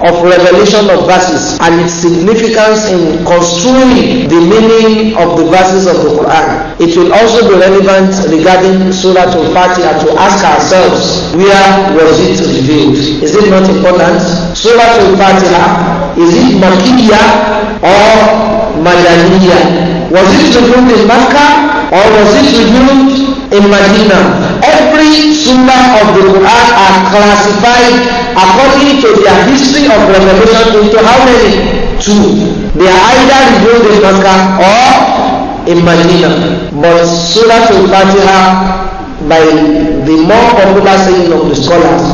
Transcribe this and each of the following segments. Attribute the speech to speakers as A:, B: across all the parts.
A: of revelation of verses and its significance in construing the meaning of the verses of the Quran. It will also be relevant regarding Surah Al-Fatiha to ask ourselves, where was it revealed? Is it not important? Surah Al-Fatiha, is it Makkiya or Madaniya? Was it revealed in Makkah or was it revealed in Medina? Every surah of the Quran are classified according to their history of revelation into how many? Two. They are either revealed in Mecca or in Medina. But Surah Al-Fatiha, by the more popular saying of the scholars,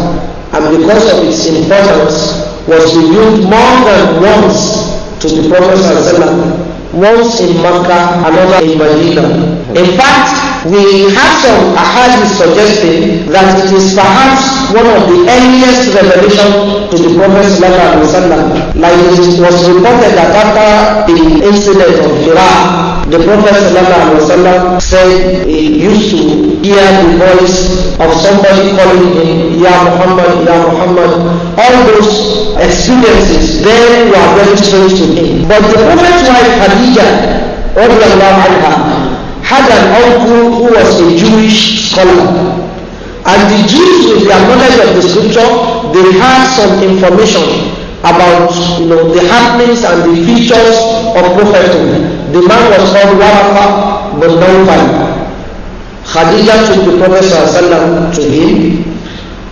A: and because of its importance, was revealed more than once to the Prophet Sallallahu once in Makkah, another in Medina. In fact, we have some ahadith suggesting that it is perhaps one of the earliest revelation to the Prophet Sallallahu Alaihi Wasallam. Like it was reported that after the incident of Hira, The Prophet ﷺ said he used to hear the voice of somebody calling him, Ya Muhammad, Ya Muhammad. All those experiences then were very strange to him. But the Prophet's wife Khadija, anha, had an uncle who was a Jewish scholar. And the Jews, with their knowledge of the scripture, they had some information about you know the happenings and the features of prophethood. The man was called Waraqa bin Nawfal. Khadija took the Prophet to him,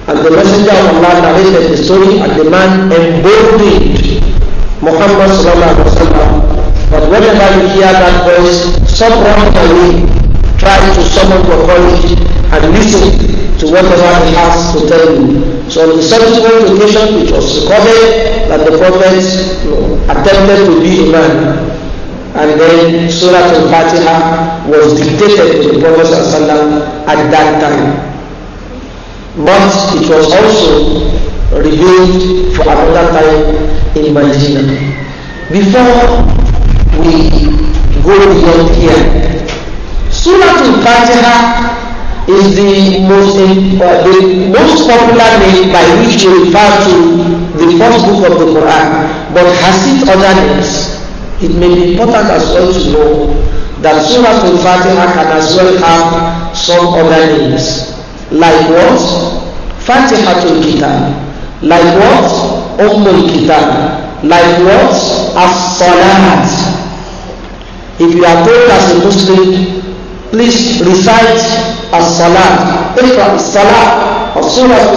A: and the Messenger of Allah narrated the story, and the man emboldened Muhammad But whenever you hear that voice, stop running away, try to summon your courage, and listen to whatever he has to tell you. So on the subsequent occasion, it was recorded that the prophet attempted to be a man. And then Surah Al-Fatiha was dictated to the Prophet at that time. But it was also revealed for another time in Medina. Before we go beyond here, Surah Al-Fatiha is the most uh, the most popular name by which we refer to the first book of the Quran, but has it other names? It may be important as well to know that Surah Al-Fatiha can as well have some other names. Like what? Fatihatul Kitab. Like what? Ummul Kitab. Like what? As-Salat. If you are told as a Muslim, please recite as-salat, iqra as-salat, or surah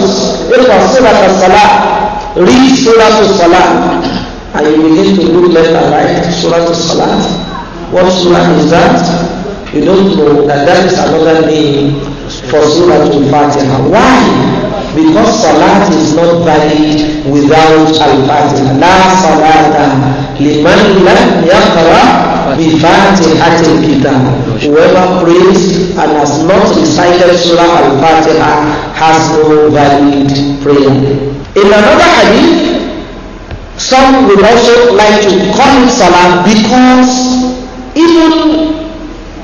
A: as-salat, read surah as-salat and you to look left and right, Surah to salat what Surah is that? You don't know that that is another name for Surah Al-Fatiha. Why? Because Salat is not valid without Al-Fatiha. La Salata liman lam yaqra' بفاتحة الكتاب whoever prays and has not recited Surah Al-Fatiha has no valid prayer. In another hadith, Some would also like to call it salah because even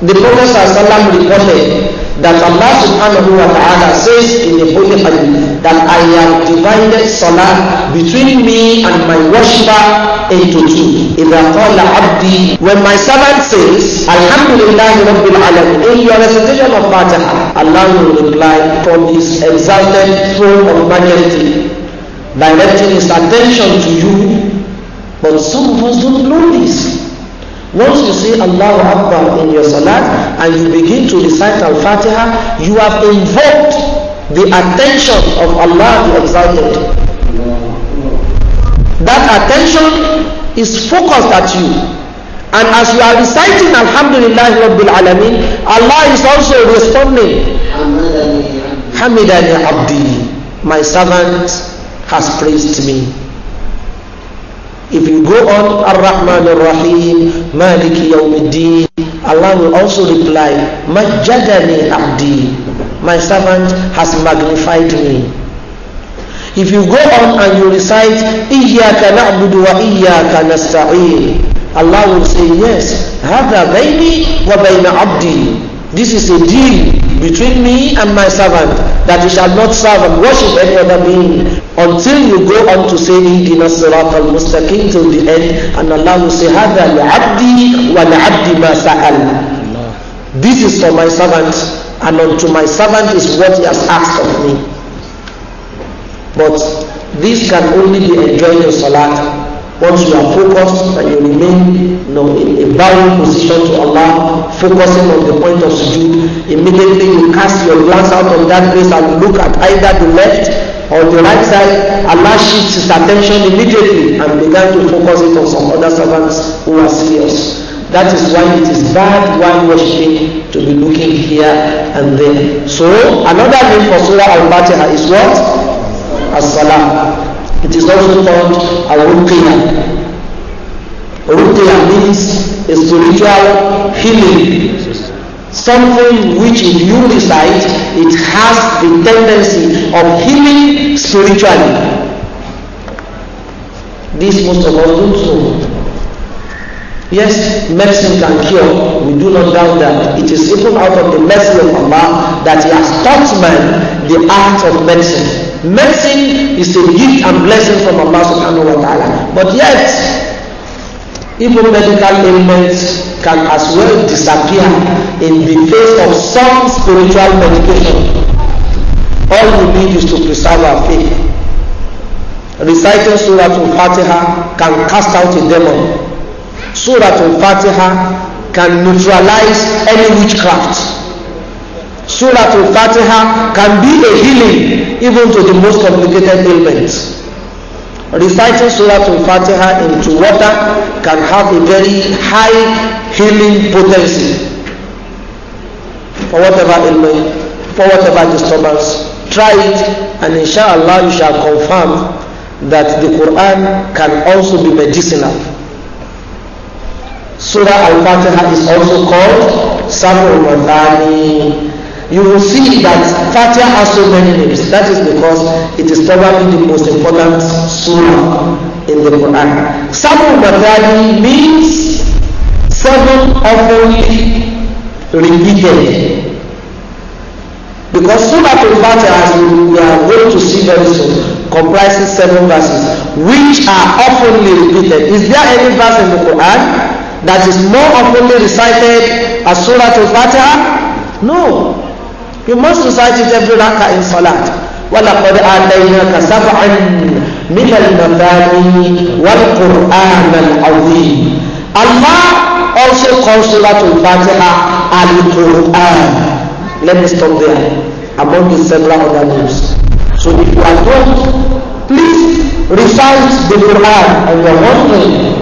A: the Prophet ﷺ reported that Allah subhanahu wa ta'ala says in the Holy Hadith that I have divided salah between me and my worshiper into two. إِذَا قَالَ عَبْدِي When my servant says, Alhamdulillah Rabbil Alamin, in your recitation of Fatiha, Allah will reply from his exalted throne of majesty, directing his attention to you. But some of us don't know this. Once you say Allahu Akbar in your salat and you begin to recite Al-Fatiha, you have invoked the attention of Allah the Exalted. That attention is focused at you. And as you are reciting Alhamdulillah Rabbil Alameen, Allah is also responding. Hamidani Abdi, my servant has praised me. If you go on Ar-Rahman Ar-Rahim, Maliki Yawmiddin, Allah will also reply, Majjadani Abdi, my servant has magnified me. If you go on and you recite, Iyaka na'budu wa Iyaka nasta'in, Allah will say, yes, هذا بيني وبين عبدي. This is a deal between me and my servant that you shall not serve and worship any other being until you go on to say ihdina sirat al till the end and Allah will say hadha li'abdi wa li'abdi ma sa'al this is for my servant and unto my servant is what he has asked of me but this can only be enjoyed in salat what you are focused and you remain you know, in a bowing position to Allah, focusing on the point of view, Immediately you cast your glance out of that place and look at either the left or the right side. Allah shifts his attention immediately and began to focus it on some other servants who are serious. That is why it is bad while worshiping to be looking here and there. So another name for Surah Al-Fatiha is what? As-Salam. It is also called a ruqya. Ruqya means a spiritual healing. Something which in you decide it has the tendency of healing spiritually. This most of us do so. Yes, medicine can cure. We do not doubt that. It is even out of the mercy of Allah that He has taught man the art of medicine. Medicine is a gift and blessing from Allah subhanahu wa ta'ala. But yet, even medical ailments can as well disappear in the face of some spiritual medication. All we need is to preserve our faith. Reciting Surah Al-Fatiha can cast out a demon. Surah Al-Fatiha can neutralize any witchcraft. Surah Al-Fatiha can be a healing even to the most complicated ailments. Reciting Surah Al-Fatiha into water can have a very high healing potency for whatever ailment, for whatever disturbance. Try it and inshallah you shall confirm that the Quran can also be medicinal. Surah Al-Fatiha is also called al Madani you will see that Fatiha has so many names. That is because it is probably the most important surah in the Quran. Sabu Matali means seven often repeated. Because Surah Al-Fatiha, as we are going to see very soon, comprises seven verses, which are often repeated. Is there any verse in the Quran that is more often recited as Surah Al-Fatiha? No. You must recite every rakah in salat. وَلَقَدْ آتَيْنَاكَ سَبْعًا مِنَ الْمَثَانِي وَالْقُرْآنَ الْعَظِيمِ Allah also calls to Suratul Fatiha Al-Qur'an. Let me stop there. Among the several other names. So if you are told, please recite the Quran on your own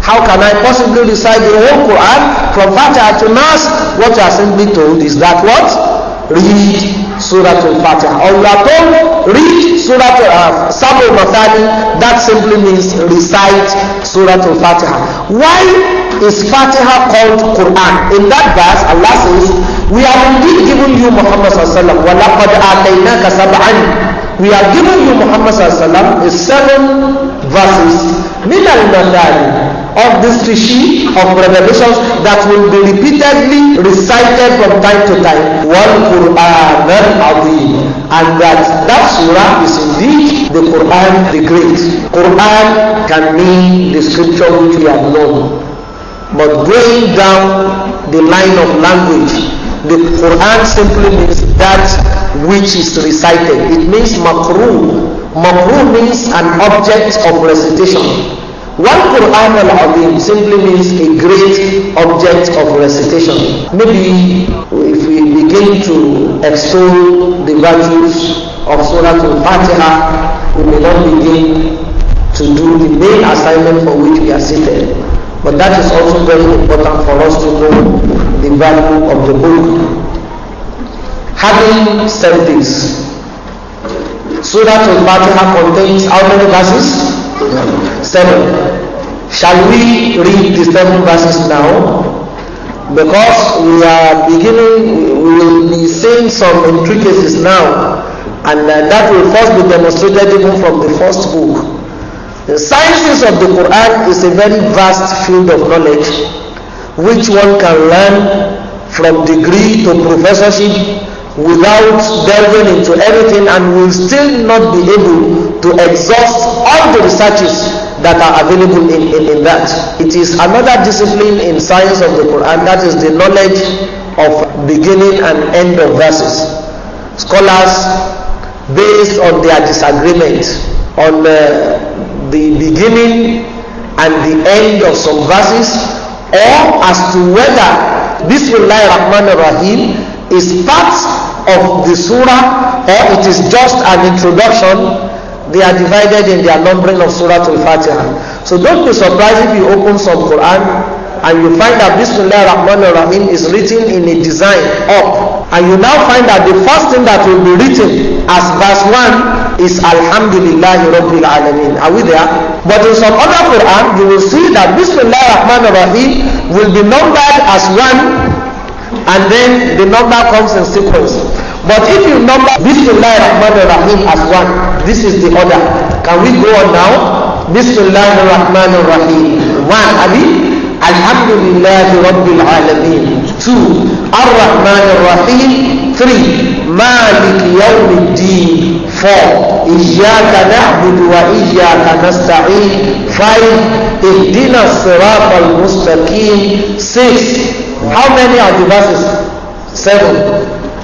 A: How can I possibly recite the whole Quran from Fatiha to Nas? What you are simply told is that what? read Suratul Fatiha or you are told read Suratul uh, Sabu Mathani that simply means recite al Fatiha why is Fatiha called Quran. In that verse, Allah says, We have indeed given you Muhammad sallallahu alayhi wa we have given you Muhammad sallallahu is seven verses min al of this rishi of revelations that will be repeatedly recited from time to time one quran al-azim and that that surah is indeed the quran the great quran can mean the scripture which we have known But going down the line of language, the Quran simply means that which is recited. It means makruh. Makruh means an object of recitation. One Quran al-Azim simply means a great object of recitation. Maybe if we begin to extol the virtues of Surah Al-Fatiha, we may not begin to do the main assignment for which we are seated. But that is also very important for us to know the value of the book. Having said this, Surah Al-Fatiha contains how many verses? Seven. Shall we read the seven verses now? Because we are beginning, we will be seeing some intricacies now, and uh, that will first be demonstrated even from the first book. The sciences of the Quran is a very vast field of knowledge which one can learn from degree to professorship without delving into everything and will still not be able to exhaust all the researches that are available in, in, in that. It is another discipline in science of the Quran that is the knowledge of beginning and end of verses. Scholars, based on their disagreement on uh, the beginning and the end of some verses or as to whether this Bismillah Rahman Rahim is part of the surah or it is just an introduction they are divided in their numbering of surah al-fatiha so don't be surprised if you open some quran and you find that bismillah rahman rahim is written in a design up and you now find that the first thing that will be written as verse 1 is alhamdulillahi rabbil alamin are we there but in some other quran you will see that bismillah rahman rahim will be numbered as one and then the number comes in sequence but if you number bismillah rahman rahim as one this is the order can we go on now bismillah rahman rahim one abi alhamdulillahi rabbil alamin two arrahman rahim three maliki yawmi din four iyyaka na'budu wa iyyaka nasta'in five ihdina sirata al-mustaqim six how many are the verses seven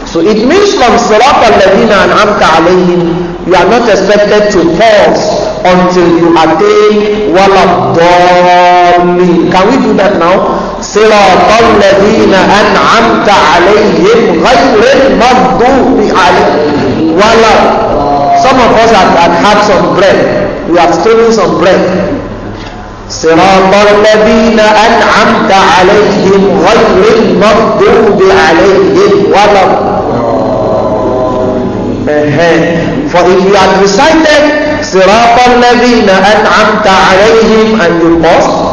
A: so it means from sirata alladhina an'amta alayhim you are not expected to pause until you attain one of can we do that now صراط الذين أنعمت عليهم غير المغضوب عليهم ولا Some of us have, have had some bread. We have stolen some bread. صراط الذين أنعمت عليهم غير المغضوب عليهم ولا For if you had recited صراط الذين أنعمت عليهم and you pause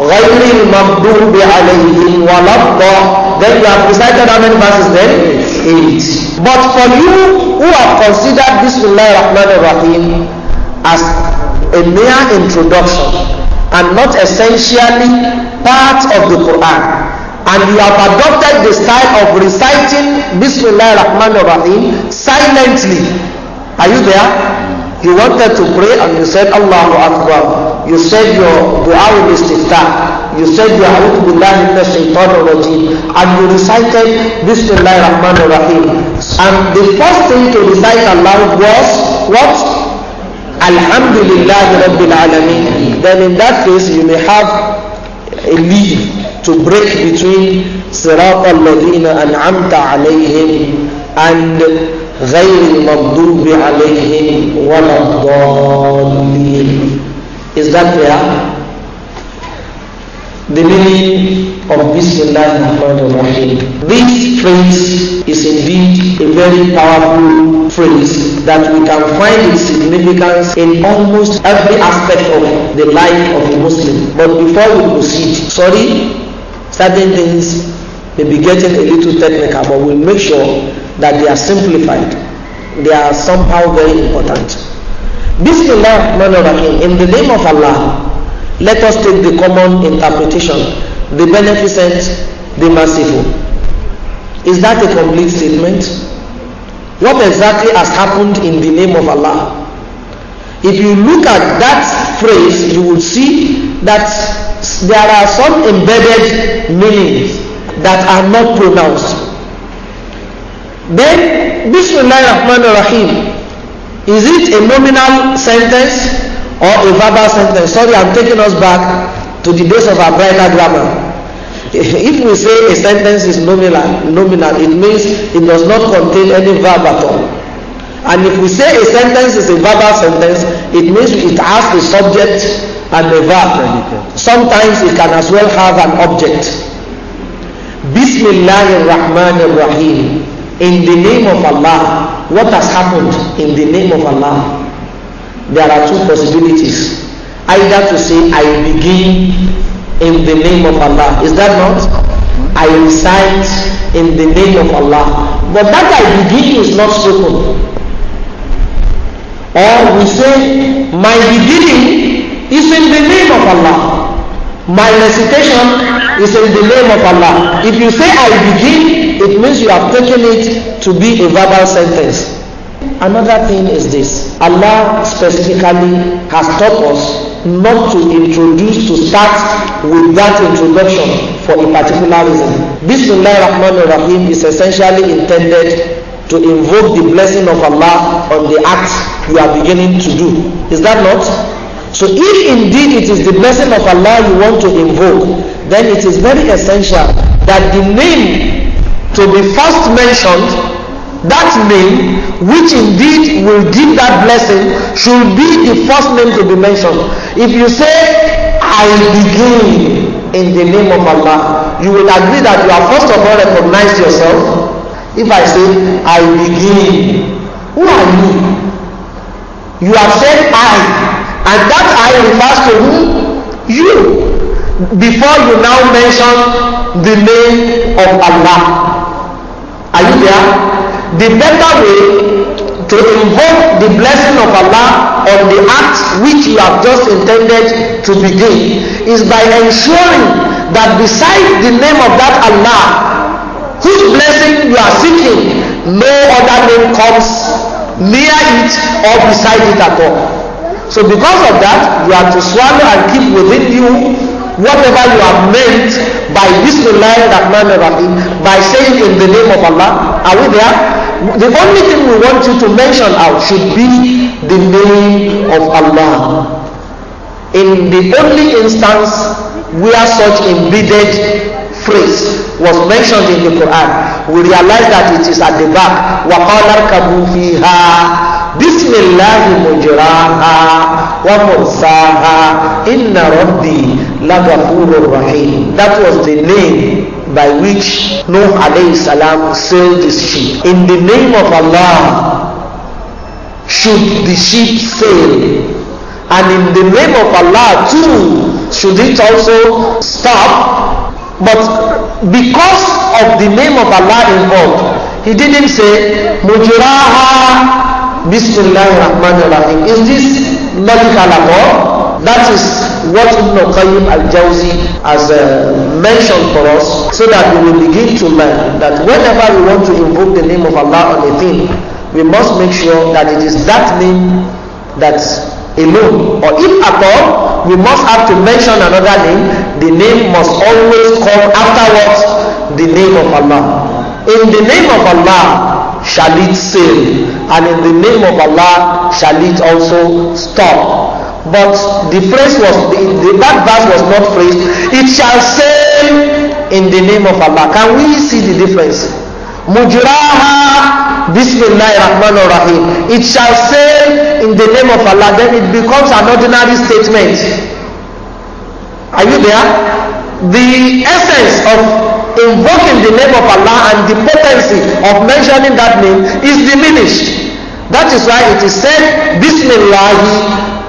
A: غير المغضوب عليهم ولا Then you have recited how many verses then? Eight. But for you who have considered Bismillah Rahman Rahim as a mere introduction and not essentially part of the Quran, and you have adopted the style of reciting Bismillah Rahman Rahim silently, are you there? You wanted to pray and you said Allahu Akbar. You said your dua with istiftah. You said your A'udhu Billahi shaitan Shaitanir Rajim. And you recited Bismillahir Rahmanir Rahim. And the first thing to recite aloud was what? Alhamdulillah Rabbil Alameen. Then in that case you may have a leave to break between Sirat al-Ladina an'amta alayhim and غير المغضوب عليهم ولا الضالين Is that clear? The meaning of Bismillah Rahman Rahim. This phrase is indeed a very powerful phrase that we can find its significance in almost every aspect of the life of a Muslim. But before we proceed, sorry, certain things may be getting a little technical, but we'll make sure that they are simplified. They are somehow very important. Bismillah in the name of Allah, let us take the common interpretation, the beneficent, the merciful. Is that a complete statement? What exactly has happened in the name of Allah? If you look at that phrase, you will see that there are some embedded meanings that are not pronounced. Then, Bismillahir Rahmanir Rahim. Is it a nominal sentence or a verbal sentence? Sorry, I'm taking us back to the days of our brighter grammar. If we say a sentence is nominal, nominal, it means it does not contain any verb at all. And if we say a sentence is a verbal sentence, it means it has a subject and a verb. Sometimes it can as well have an object. Bismillahir Rahmanir Rahim in the name of Allah, what has happened in the name of Allah? There are two possibilities. Either to say, I begin in the name of Allah. Is that not? I recite in the name of Allah. But that I begin is not spoken. Or we say, my beginning is in the name of Allah. My recitation is in the name of Allah. If you say, I begin it means you are taking it to be a verbal sentence. Another thing is this Allah specifically has taught us not to introduce, to start with that introduction for a particular reason. Bismillah Rahman Rahim is essentially intended to invoke the blessing of Allah on the act you are beginning to do. Is that not? So if indeed it is the blessing of Allah you want to invoke, then it is very essential that the name to be first mentioned that name which indeed will give that blessing should be the first name to be mentioned if you say i begin in the name of allah you will agree that you are first of all recognized yourself if i say i begin who are you you have said i and that i refers to who you before you now mention the name of allah Are you there? The better way to invoke the blessing of Allah on the act which you have just intended to begin is by ensuring that beside the name of that Allah whose blessing you are seeking, no other name comes near it or beside it at all. So because of that, you are to swallow and keep within you whatever you have meant by this Bismillah Rahman Rahim, by saying in the name of Allah, are we there? The only thing we want you to mention out should be the name of Allah. In the only instance where such embedded phrase was mentioned in the Quran, we realize that it is at the back. وَقَالَ ارْكَبُوا فِيهَا بِسْمِ اللَّهِ مُجْرَاهَا ومرساها inna ربي لغفور رحيم that was the name by which Nuh alayhi salam sailed his ship in the name of Allah should the ship sail and in the name of Allah too should it also stop but because of the name of Allah involved he didn't say mujraha Bismillahirrahmanirrahim. Is this logical at all? That is what Ibn Qayyim al-Jawzi has uh, mentioned for us so that we will begin to learn that whenever we want to invoke the name of Allah on a thing, we must make sure that it is that name that alone or if at all we must have to mention another name the name must always come afterwards the name of allah in the name of allah shall it sail and in the name of Allah shall it also stop but the phrase was the, the back verse was not phrased it shall sail in the name of Allah can we see the difference mujraha bismillahir rahmanir rahim it shall sail in the name of Allah then it becomes an ordinary statement are you there the essence of invoking the name of Allah and the potency of mentioning that name is diminished. That is why it is said, Bismillah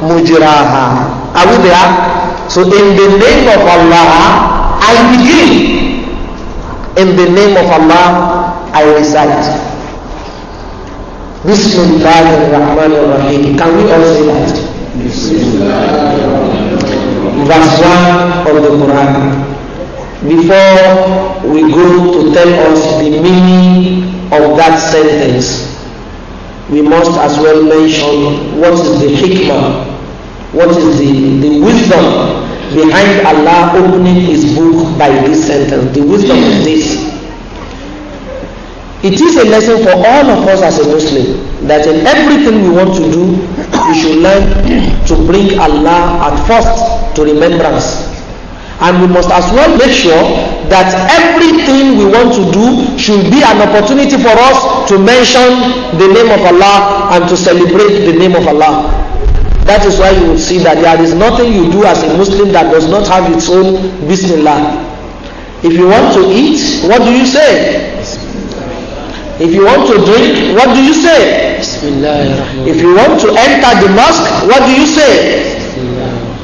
A: mujraha. Are we there? So in the name of Allah, I begin. In the name of Allah, I recite. Bismillah ar rahim Can we all say that? Bismillah. Verse 1 of the Quran. before we go to tell us the meaning of that sentence, we must as well mention what is the hikmah, what is the, the wisdom behind Allah opening his book by this sentence. The wisdom of this. It is a lesson for all of us as a Muslim that in everything we want to do, we should learn to bring Allah at first to remembrance and we must as well make sure that everything we want to do should be an opportunity for us to mention the name of Allah and to celebrate the name of Allah. That is why you will see that there is nothing you do as a Muslim that does not have its own Bismillah. If you want to eat, what do you say? If you want to drink, what do you say? If you want to enter the mosque, what do you say?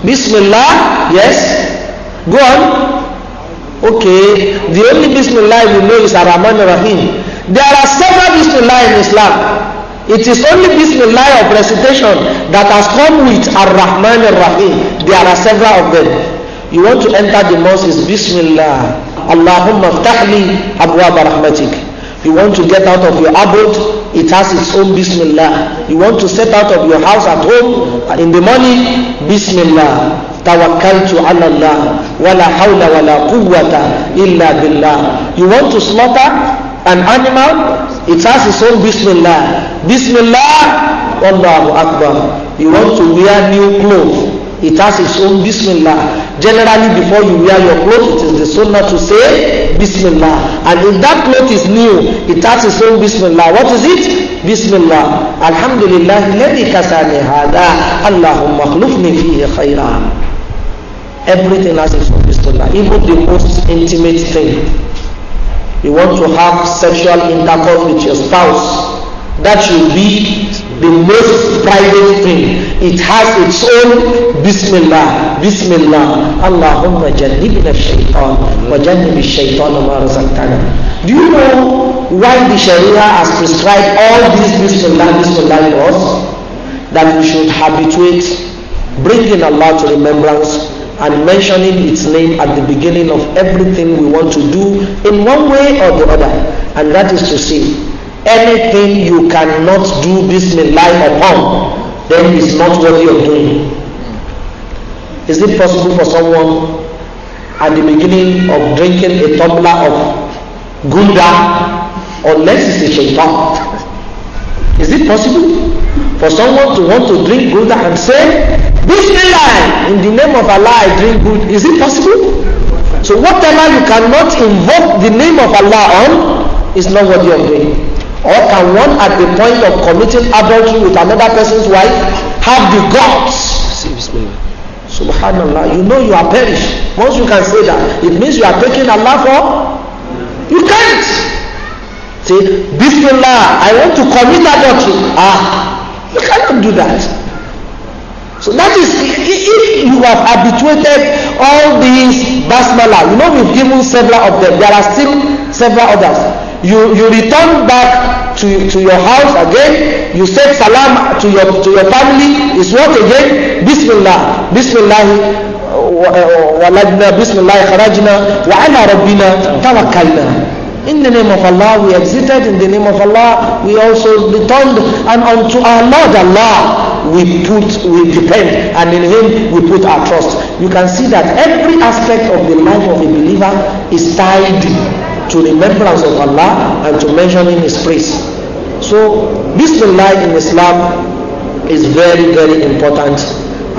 A: Bismillah, yes. Go on. Okay. The only Bismillah we know is Ar-Rahman Ar-Rahim. There are several Bismillah in Islam. It is only Bismillah of recitation that has come with Ar-Rahman Ar-Rahim. There are several of them. You want to enter the mosque is Bismillah. Allahumma ftahli abwab rahmatik. You want to get out of your abode, it has its own Bismillah. You want to set out of your house at home in the morning, Bismillah. Tawakkaltu ala Allah wala hawla wala quwwata illa billah. You want to slaughter an animal? It has its own Bismillah. Bismillah, Allahu Akbar. You want to wear new clothes? It has its own Bismillah. Generally, before you wear your clothes, it is the sunnah to say Bismillah. And if that cloth is new, it has its own Bismillah. What is it? Bismillah. Alhamdulillah, الذي كساني Hada. Allahumma اخلفني فيه خيرا. Everything has its Fistula. Even the most intimate thing. You want to have sexual intercourse with your spouse. That should be the most private thing. It has its own Bismillah, Bismillah, Allahumma jannibna shaitan wa jannibi shaitan wa razaqtana. Do you know why the Sharia has prescribed all these Bismillah, Bismillah laws? That we should habituate bringing Allah to remembrance and mentioning its name at the beginning of everything we want to do in one way or the other. And that is to say, anything you cannot do this Bismillah upon, then is not worthy of doing. Is it possible for someone at the beginning of drinking a tumbler of gunda unless it's a shaitan? Is it possible for someone to want to drink gunda and say, lie in the name of Allah I drink good. Is it possible? So whatever you cannot invoke the name of Allah on is not what you are doing. Or can one at the point of committing adultery with another person's wife have the guts? Subhanallah, you know you are perished. Once you can say that, it means you are taking Allah for? You can't. Say, Bismillah, I want to commit adultery. Ah, you cannot do that. So that is, if you have habituated all these basmala, you know we've given several of them, there are still several others. You, you return back to, to your house again, you say salam to your, to your family, It's what again? Bismillah, Bismillah, waladna, Bismillah, kharajna, wa ala rabbina, tawakkalna. In the name of Allah we exited, in the name of Allah we also returned and unto our Lord Allah. we put, we depend, and in Him we put our trust. You can see that every aspect of the life of a believer is tied to remembrance of Allah and to mentioning His praise. So, this Bismillah in Islam is very, very important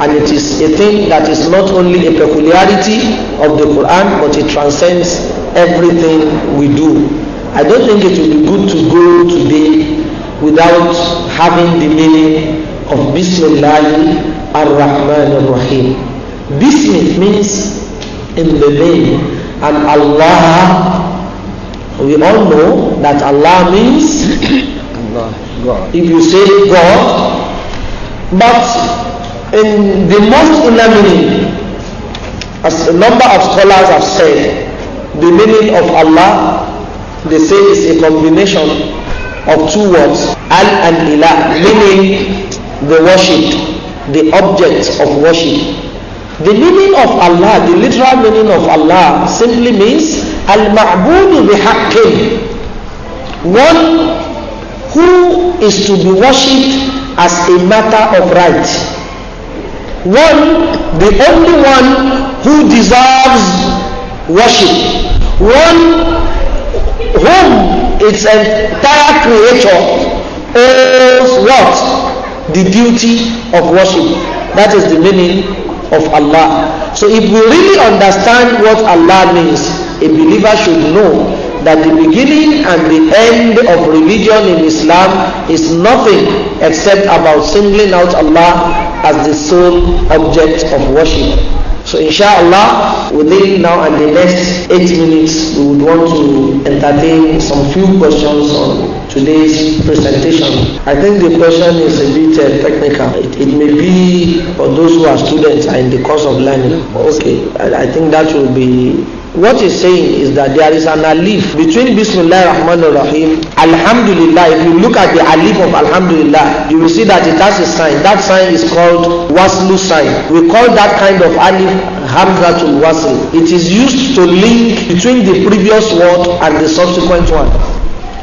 A: and it is a thing that is not only a peculiarity of the Quran but it transcends everything we do. I don't think it would be good to go today without having the meaning of Bismillah ar-Rahman ar-Rahim. Bismillah means in the name and Allah we all know that Allah means God. If you say God, but in the most inner as a number of scholars have said, the meaning of Allah, they say is a combination of two words, Al and Ilah, meaning the worship, the object of worship. The meaning of Allah, the literal meaning of Allah simply means Al-Ma'budu bihaqqin. One who is to be worshipped as a matter of right. One, the only one who deserves worship. One whom its entire creator owes what? the duty of worship. That is the meaning of Allah. So if we really understand what Allah means, a believer should know that the beginning and the end of religion in Islam is nothing except about singling out Allah as the sole object of worship. So inshallah, within now and the next 8 minutes, we would want to entertain some few questions on today's presentation. I think the question is a bit uh, technical. It, it, may be for those who are students are in the course of learning. Okay, I, I think that will be What he's saying is that there is an alif between Bismillah Rahman Rahim, Alhamdulillah. If you look at the alif of Alhamdulillah, you will see that it has a sign. That sign is called Waslu sign. We call that kind of alif Hamzatul Wasl. It is used to link between the previous word and the subsequent one.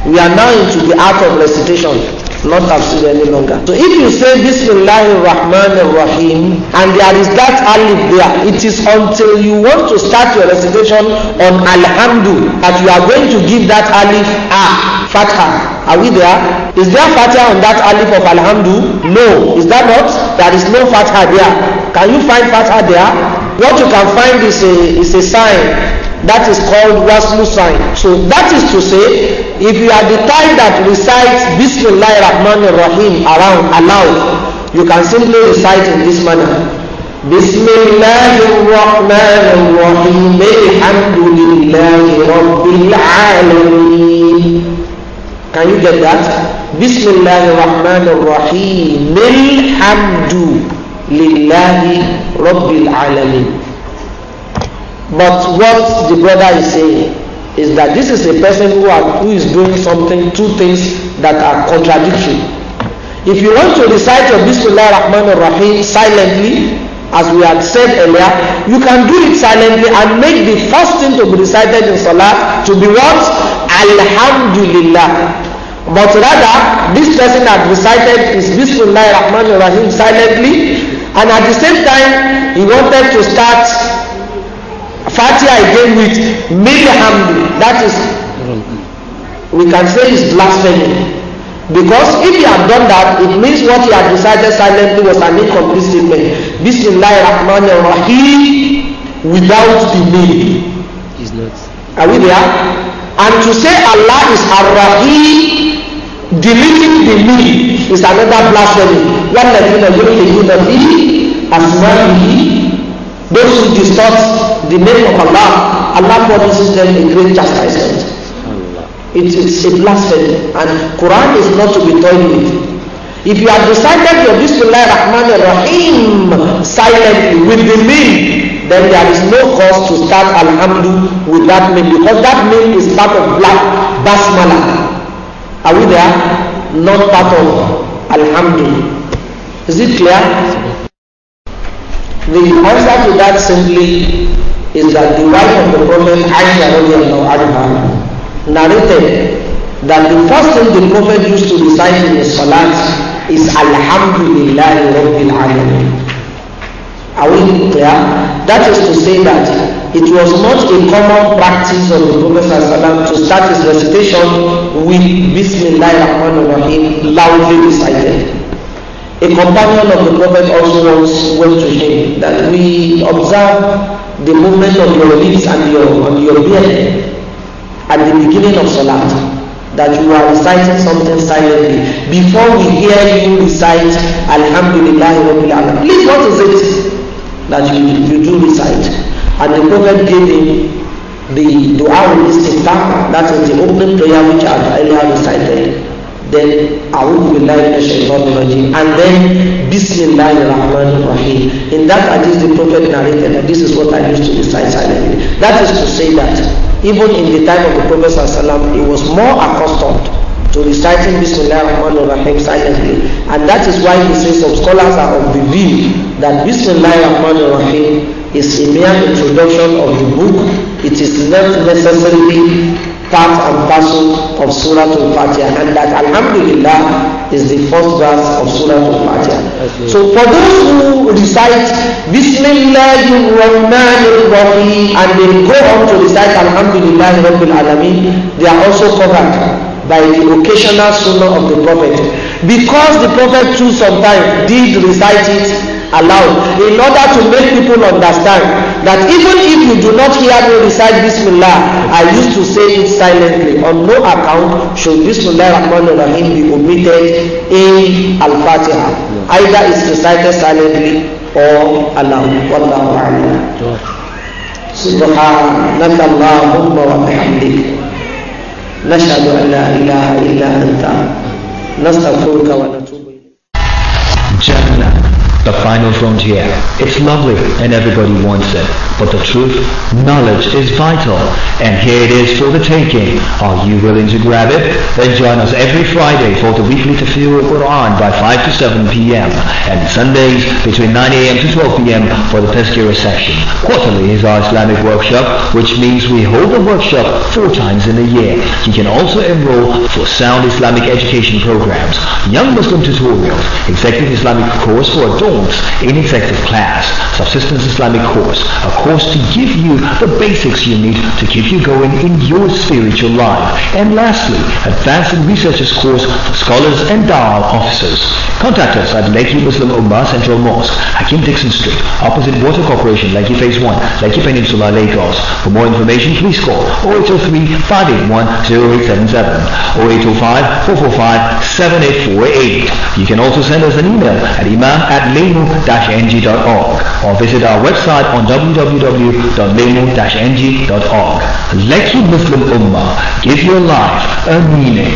A: We are now into the art of recitation not tafsir any longer. So if you say Bismillahir Rahmanir Rahim and there is that alif there, it is until you want to start your recitation on Alhamdu that you are going to give that alif a ah, fatha. Are we there? Is there fatha on that alif of Alhamdu? No. Is that not? There is no fatha there. Can you find fatha there? What you can find is a is a sign that is called waslu sign. So that is to say if you are the type that recites bismillah rahman rahim around aloud you can simply recite in this manner بسم الله الرحمن الرحيم الحمد لله رب Can you get that? بسم الله الرحمن الرحيم الحمد لله رب But what the brother is saying is that this is a person who, are, who is doing something, two things that are contradictory. If you want to recite your Bismillah Rahman Rahim silently, as we had said earlier, you can do it silently and make the first thing to be recited in Salah to be what? Alhamdulillah. But rather, this person had recited his Bismillah Rahman Rahim silently and at the same time, he wanted to start Fatiha again with Milhamdu. That is, we can say is blasphemy. Because if he had done that, it means what he had decided silently was an incomplete statement. Bismillah Rahman Rahim without the meaning. Is not. Are we there? And to say Allah is Ar-Rahim, deleting the meaning is another blasphemy. you وَالَّذِينَ يُلْحِدُونَ فِي أَسْمَائِهِ Those who distort the name of Allah, Allah promises them a great chastisement. It's, it's a blasphemy. And Quran is not to be toyed with. If you have recited your Bismillah Rahman Rahim silently with the meal, then there is no cause to start Alhamdu with that name because that name is part of black basmala. Are we there? Not part of Alhamdu. Is it clear? The answer to that simply is that the wife of the Prophet Aisha narrated that the first thing the Prophet used to recite in his salat is Alhamdulillah Rabbil Alamin. Are we clear? That is to say that it was not a common practice of the Prophet to start his recitation with Bismillah Rahman Rahim loudly recited. A companion of the Prophet also once went to him that we observe the movement of your lips and your on your beard at the beginning of salah that you are reciting something silently before we hear you recite alhamdulillah rabbil please what is it that you, you do recite and the prophet gave him the dua al-istiftah that is the opening prayer which i earlier recited then أعوذ بالله من الشيطان الرجيم and then بسم الله الرحمن الرحيم in that hadith the prophet narrated that this is what I used to recite silently that is to say that even in the time of the prophet sallallahu he was more accustomed to reciting Bismillah ar-Rahman ar-Rahim silently. And that is why he says some scholars are of the view that Bismillah ar-Rahman ar-Rahim is a mere introduction of the book. It is not necessarily part and parcel of Surah Al-Fatiha and that Alhamdulillah is the first verse of Surah Al-Fatiha. So for those who recite Bismillahirrahmanirrahim and they go on to recite Alhamdulillah Rabbil Alameen, they are also covered by the occasional sunnah of the Prophet because the prophet too sometimes did recite it aloud in order to make people understand that even if you do not hear me recite bismillah i used to say it silently on no account should bismillah rahman rahim be omitted in al-fatiha either it's recited silently or aloud wallahu a'lam سبحانك اللهم وبحمدك نشهد ان لا اله الا انت lason awana ko ka
B: the final frontier. It's lovely and everybody wants it. But the truth, knowledge is vital. And here it is for the taking. Are you willing to grab it? Then join us every Friday for the weekly Tafsir Quran by 5 to 7 p.m. and Sundays between 9 a.m. to 12 p.m. for the Tazkirah section. Quarterly is our Islamic workshop, which means we hold the workshop four times in a year. You can also enroll for sound Islamic education programs, young Muslim tutorials, executive Islamic course for adults, Rhodes Inexecutive Class Subsistence Islamic Course, a course to give you the basics you need to keep you going in your spiritual life. And lastly, Advanced Researchers Course for Scholars and Dawah Officers. Contact us at Lakey Muslim Ummah Central Mosque, Hakim Dixon Street, opposite Water Corporation, Lakey Phase 1, Lakey Peninsula, Lagos. For more information, please call 0803-581-0877 or 805-445-7848. You can also send us an email at imam at lemu-ng.org or visit our website on www.lemu-ng.org. let your Muslim Ummah give your life a meaning.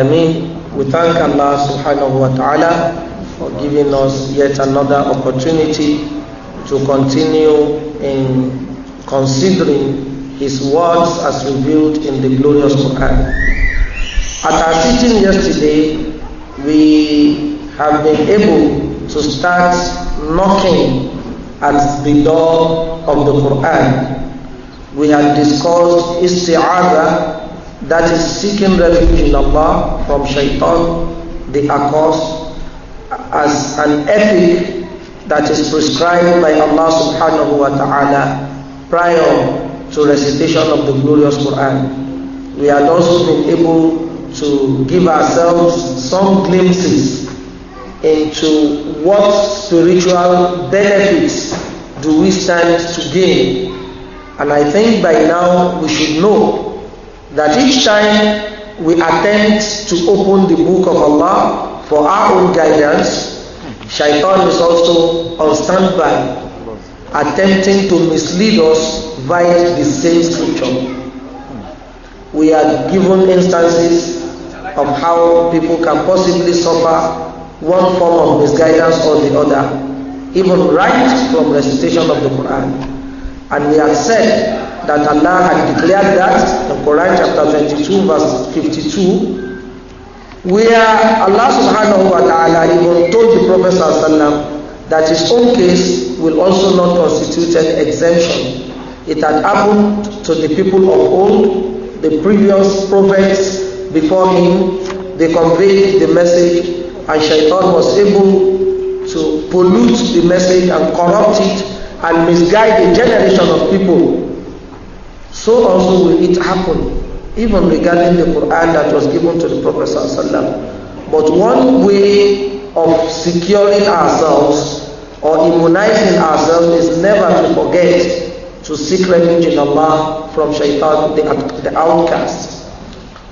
A: Alameen, we thank Allah subhanahu wa ta'ala for giving us yet another opportunity to continue in considering His words as revealed in the glorious Quran. At our meeting yesterday, we have been able to start knocking at the door of the Quran. We have discussed isti'adah that is seeking refuge in Allah from shaitan, the accursed, as an ethic that is prescribed by Allah subhanahu wa ta'ala prior to recitation of the glorious Quran. We had also been able to give ourselves some glimpses into what spiritual benefits do we stand to gain. And I think by now we should know that each time we attempt to open the book of Allah for our own guidance, shaitan is also on standby, attempting to mislead us via the same scripture. We are given instances of how people can possibly suffer one form of misguidance or the other, even right from recitation of the Quran. And we have said that Allah had declared that in Quran chapter 22 verse 52 where Allah subhanahu wa ta'ala even told the Prophet that his own case will also not constitute an exemption. It had happened to the people of old, the previous prophets before him, they conveyed the message and shaitan was able to pollute the message and corrupt it and misguide a generation of people so also will it happen, even regarding the Quran that was given to the Prophet. But one way of securing ourselves or immunizing ourselves is never to forget to seek refuge in Allah from shaitan, the, the outcast.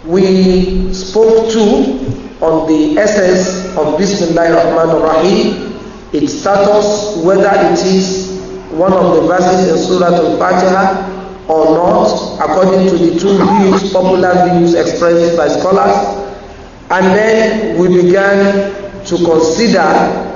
A: We spoke too on the essence of Bismillah Rahman Rahim, its status, whether it is one of the verses in Surah Al-Fatiha or not according to the two views, popular views expressed by scholars. And then we began to consider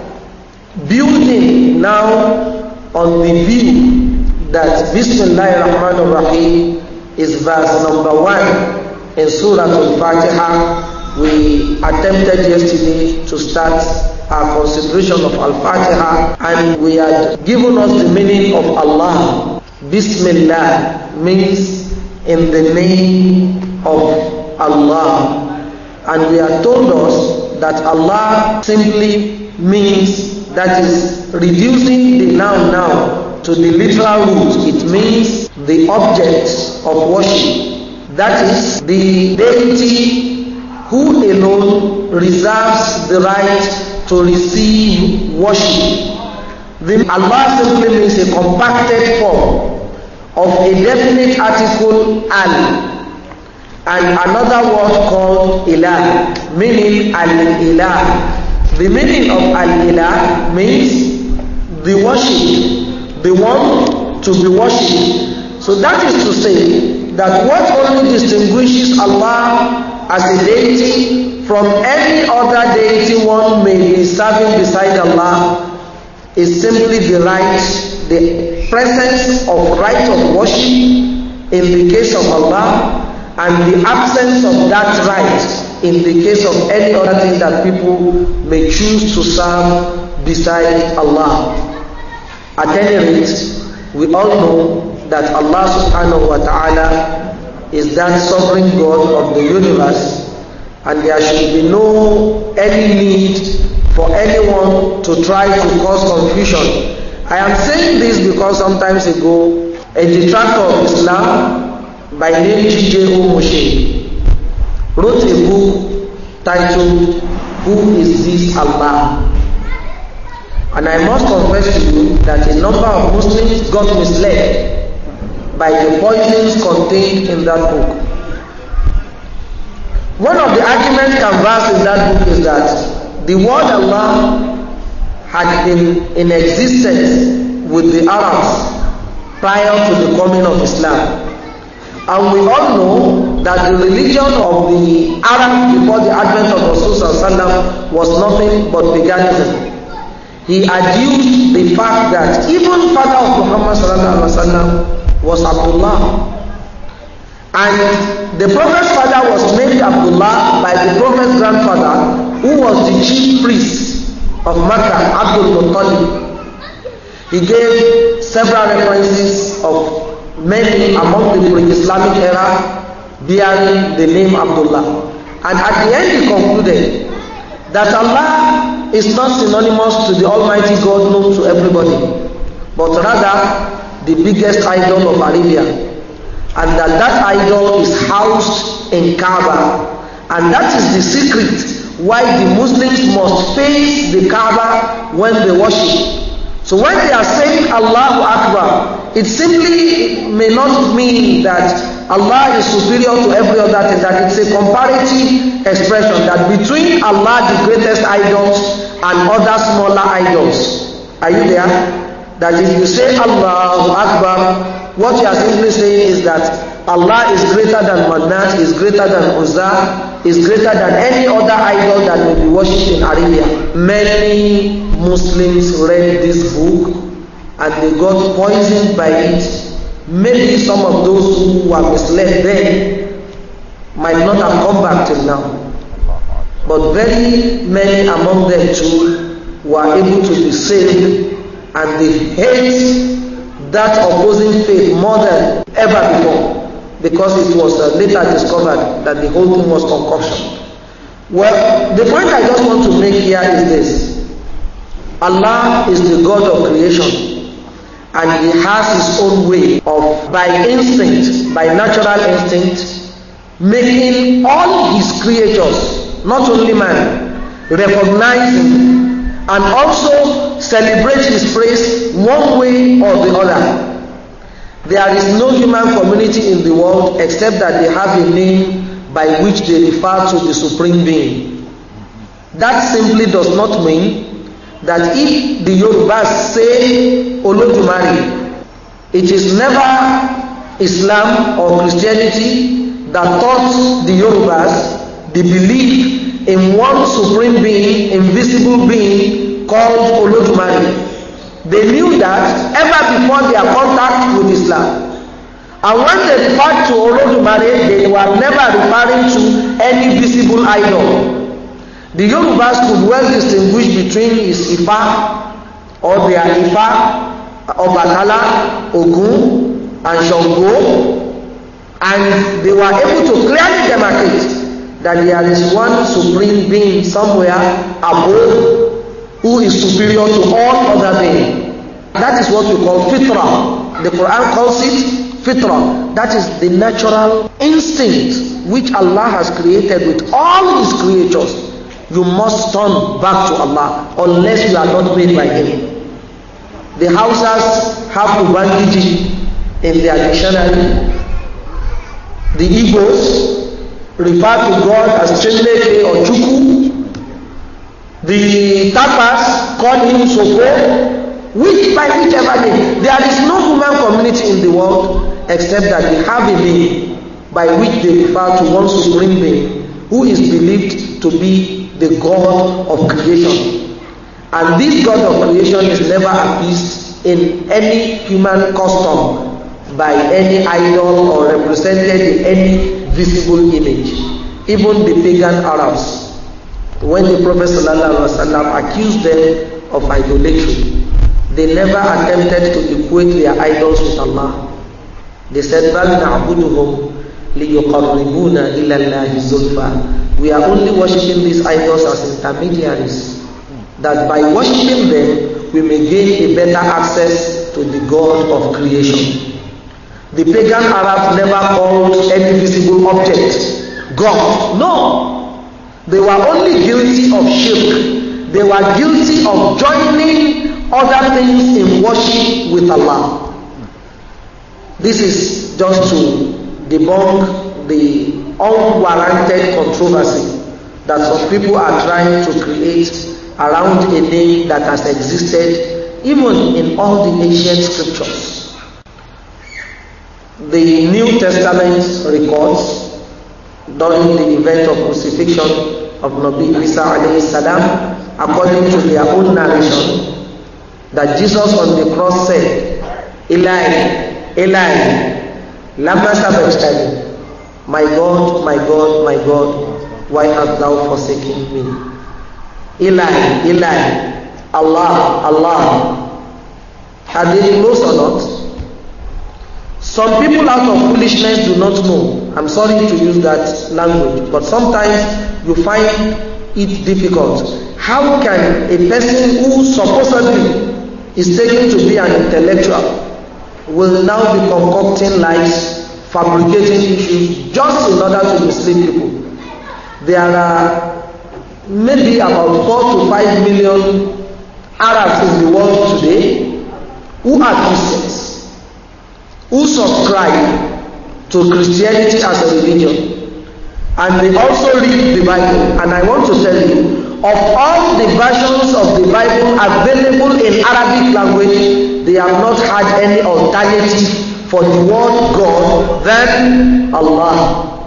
A: building now on the view that Bismillahir Rahman Rahim is verse number one in Surah Al-Fatiha. We attempted yesterday to start our consideration of Al-Fatiha and we had given us the meaning of Allah Bismillah means in the name of Allah. And we are told us that Allah simply means that is reducing the noun now to the literal root. It means the object of worship. That is the deity who alone reserves the right to receive worship. The Allah simply means a compacted form of a definite article al and another word called ilah meaning al-ilah the meaning of al-ilah means the worship the one to be worshiped. so that is to say that what only distinguishes Allah as a deity from any other deity one may be serving beside Allah is simply the right the presence of right of worship in the case of Allah and the absence of that right in the case of any other thing that people may choose to serve beside Allah. At any rate, we all know that Allah subhanahu wa ta'ala is that sovereign God of the universe and there should be no any need for anyone to try to cause confusion I am saying this because sometimes ago, a detractor of Islam by name G.J. O. Moshe wrote a book titled Who is This Allah? And I must confess to you that a number of Muslims got misled by the poisons contained in that book. One of the arguments canvassed in that book is that the word Allah had been in existence with the Arabs prior to the coming of Islam. And we all know that the religion of the Arabs before the advent of Rasul was nothing but paganism. He adduced the fact that even father of Muhammad wasallam was Abdullah. And the prophet's father was named Abdullah by the prophet's grandfather, who was the chief priest of Makkah, Abdul Muttalib. He gave several references of many among the pre-Islamic era bearing the name Abdullah. And at the end he concluded that Allah is not synonymous to the Almighty God known to everybody, but rather the biggest idol of Arabia. And that that idol is housed in Kaaba. And that is the secret why the Muslims must face the Kaaba when they worship. So when they are saying Allahu Akbar, it simply may not mean that Allah is superior to every other thing, that it's a comparative expression that between Allah, the greatest idols, and other smaller idols. Are you there? That if you say Allahu Akbar, what you are simply saying is that Allah is greater than Manat, is greater than Uzza, is greater than any other idol that may be worshipped in Arabia. Many Muslims read this book and they got poisoned by it. Maybe some of those who were misled then might not have come back till now. But very many among them too were able to be saved and they hate that opposing faith more than ever before because it was uh, later discovered that the whole thing was concoction. Well, the point I just want to make here is this Allah is the God of creation and He has His own way of, by instinct, by natural instinct, making all His creatures, not only man, recognize Him and also celebrate His praise one way or the other. There is no human community in the world except that they have a name by which they refer to the Supreme Being. That simply does not mean that if the Yorubas say Olodumare, it is never Islam or Christianity that taught the Yorubas the belief in one supreme being, invisible being called Olodumare. They knew that ever before their contact with Islam. And when they referred to Olodumare, they were never referring to any visible idol. The Yorubas could well distinguish between his Ifa or their Ifa, Obatala, Ogun, and Shango, and they were able to clearly demarcate that there is one supreme being somewhere above who is superior to all other beings. That is what we call fitrah. The Quran calls it fitrah. That is the natural instinct which Allah has created with all His creatures. You must turn back to Allah unless you are not made by Him. The houses have Ubangiji in their dictionary. The Igbos refer to God as Chineke or Chukwu. The Tapas call him Soko which by whichever name, there is no human community in the world except that they have a name by which they refer to one supreme being who is believed to be the God of creation. And this God of creation is never appeased in any human custom by any idol or represented in any visible image. Even the pagan Arabs, when the Prophet ﷺ accused them of idolatry, They never attempted to equate their idols with Allah. They said, بَلْ نَعْبُدُهُمْ لِيُقَرِّبُونَ إِلَى اللَّهِ زُلْفًا We are only worshiping these idols as intermediaries. That by worshiping them, we may gain a better access to the God of creation. The pagan Arabs never called any visible object God. No. They were only guilty of shirk. They were guilty of joining other things in worship with Allah. This is just to debunk the unwarranted controversy that some people are trying to create around a name that has existed even in all the ancient scriptures. The New Testament records during the event of crucifixion of Nabi Isa alayhi salam, according to their own narration, that Jesus on the cross said, Eli, Eli, lama sabachthani, my God, my God, my God, why hast thou forsaken me? Eli, Eli, Allah, Allah. Are they close or not? Some people out of foolishness do not know. I'm sorry to use that language, but sometimes you find it difficult. How can a person who supposedly is taking to be an intellectual will now be concocting lies, fabricating issues just in order to mislead people. There are maybe about four to five million Arabs in the world today who are Christians, who subscribe to Christianity as a religion, and they also read the Bible. And I want to tell you, Of all the versions of the Bible available in Arabic language, they have not had any alternative for the word God than Allah.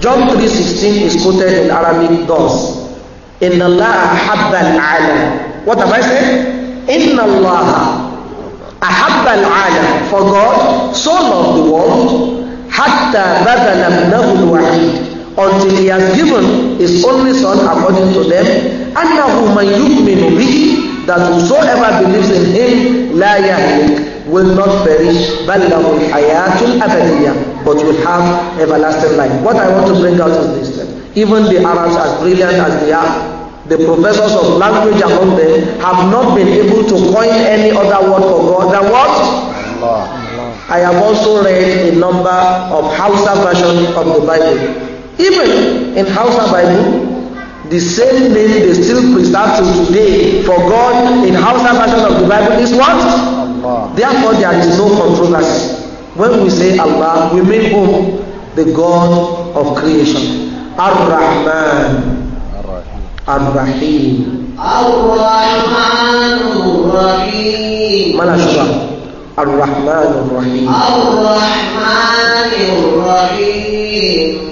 A: John 3.16 is quoted in Arabic thus. Inna Allah ahabba al-alam. What have I said? Inna Allah ahabba al-alam. For God so loved the world, hatta badala abnahu al-wahid until he has given his only son according to them and now who annahu man yu'minu bihi that whosoever believes in him la yahlik will not perish bal lahu hayatul abadiyya but will have everlasting life what i want to bring out is this that even the arabs as brilliant as they are the professors of language among them have not been able to coin any other word for god than what Allah. I have also read a number of Hausa versions of the Bible Even in Hausa Bible, the same name they still preserve till today for God in Hausa version of the Bible is what? Allah. Therefore, there is no controversy. When we say Allah, we mean whom? The God of creation. Ar-Rahman. Ar-Rahim.
C: Ar-Rahman Ar-Rahim. Rahman, Mana surah?
A: الرحمن Rahman, الرحمن Rahim.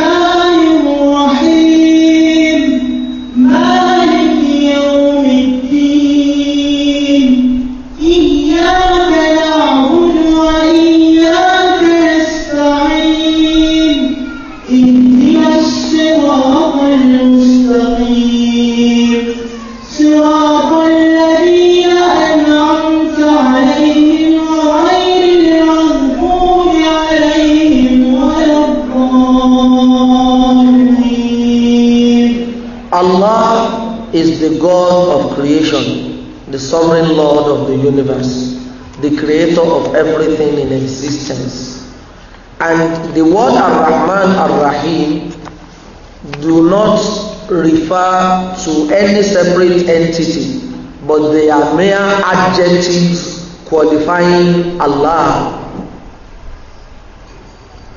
A: any separate entity, but they are mere adjectives qualifying Allah.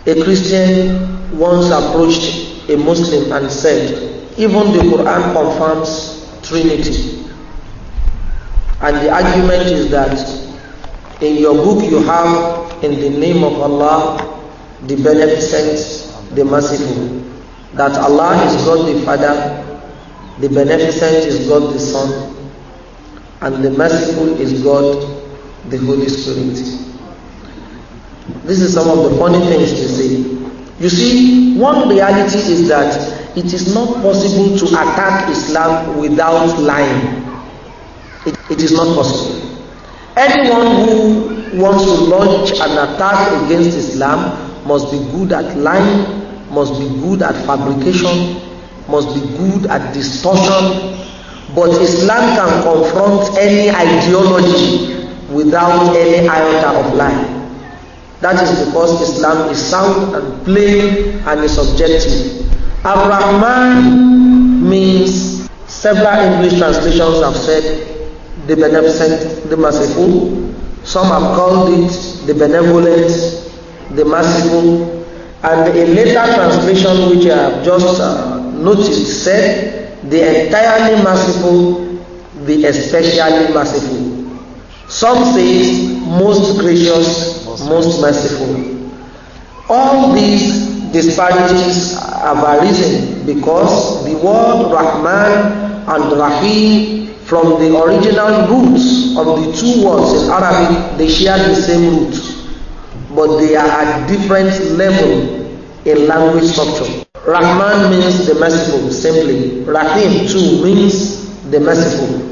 A: A Christian once approached a Muslim and said, even the Quran confirms Trinity. And the argument is that in your book you have, in the name of Allah, the beneficent, the merciful. That Allah is God the Father, The beneficent is God the Son, and the merciful is God the Holy Spirit. This is some of the funny things to say. You see, one reality is that it is not possible to attack Islam without lying. It, it is not possible. Anyone who wants to launch an attack against Islam must be good at lying, must be good at fabrication, must be good at distortion, but Islam can confront any ideology without any iota of lie. That is because Islam is sound and plain and is objective. Ar-Rahman means several English translations have said the beneficent, the merciful. Some have called it the benevolent, the merciful. And a later translation which I have just uh, noticed said, The entirely merciful, the especially merciful. Some say most gracious, most, merciful. All these disparities have arisen because the word Rahman and Rahim from the original roots of the two words in Arabic, they share the same root, but they are at different level a language structure. Rahman means the merciful, simply. Rahim too means the merciful.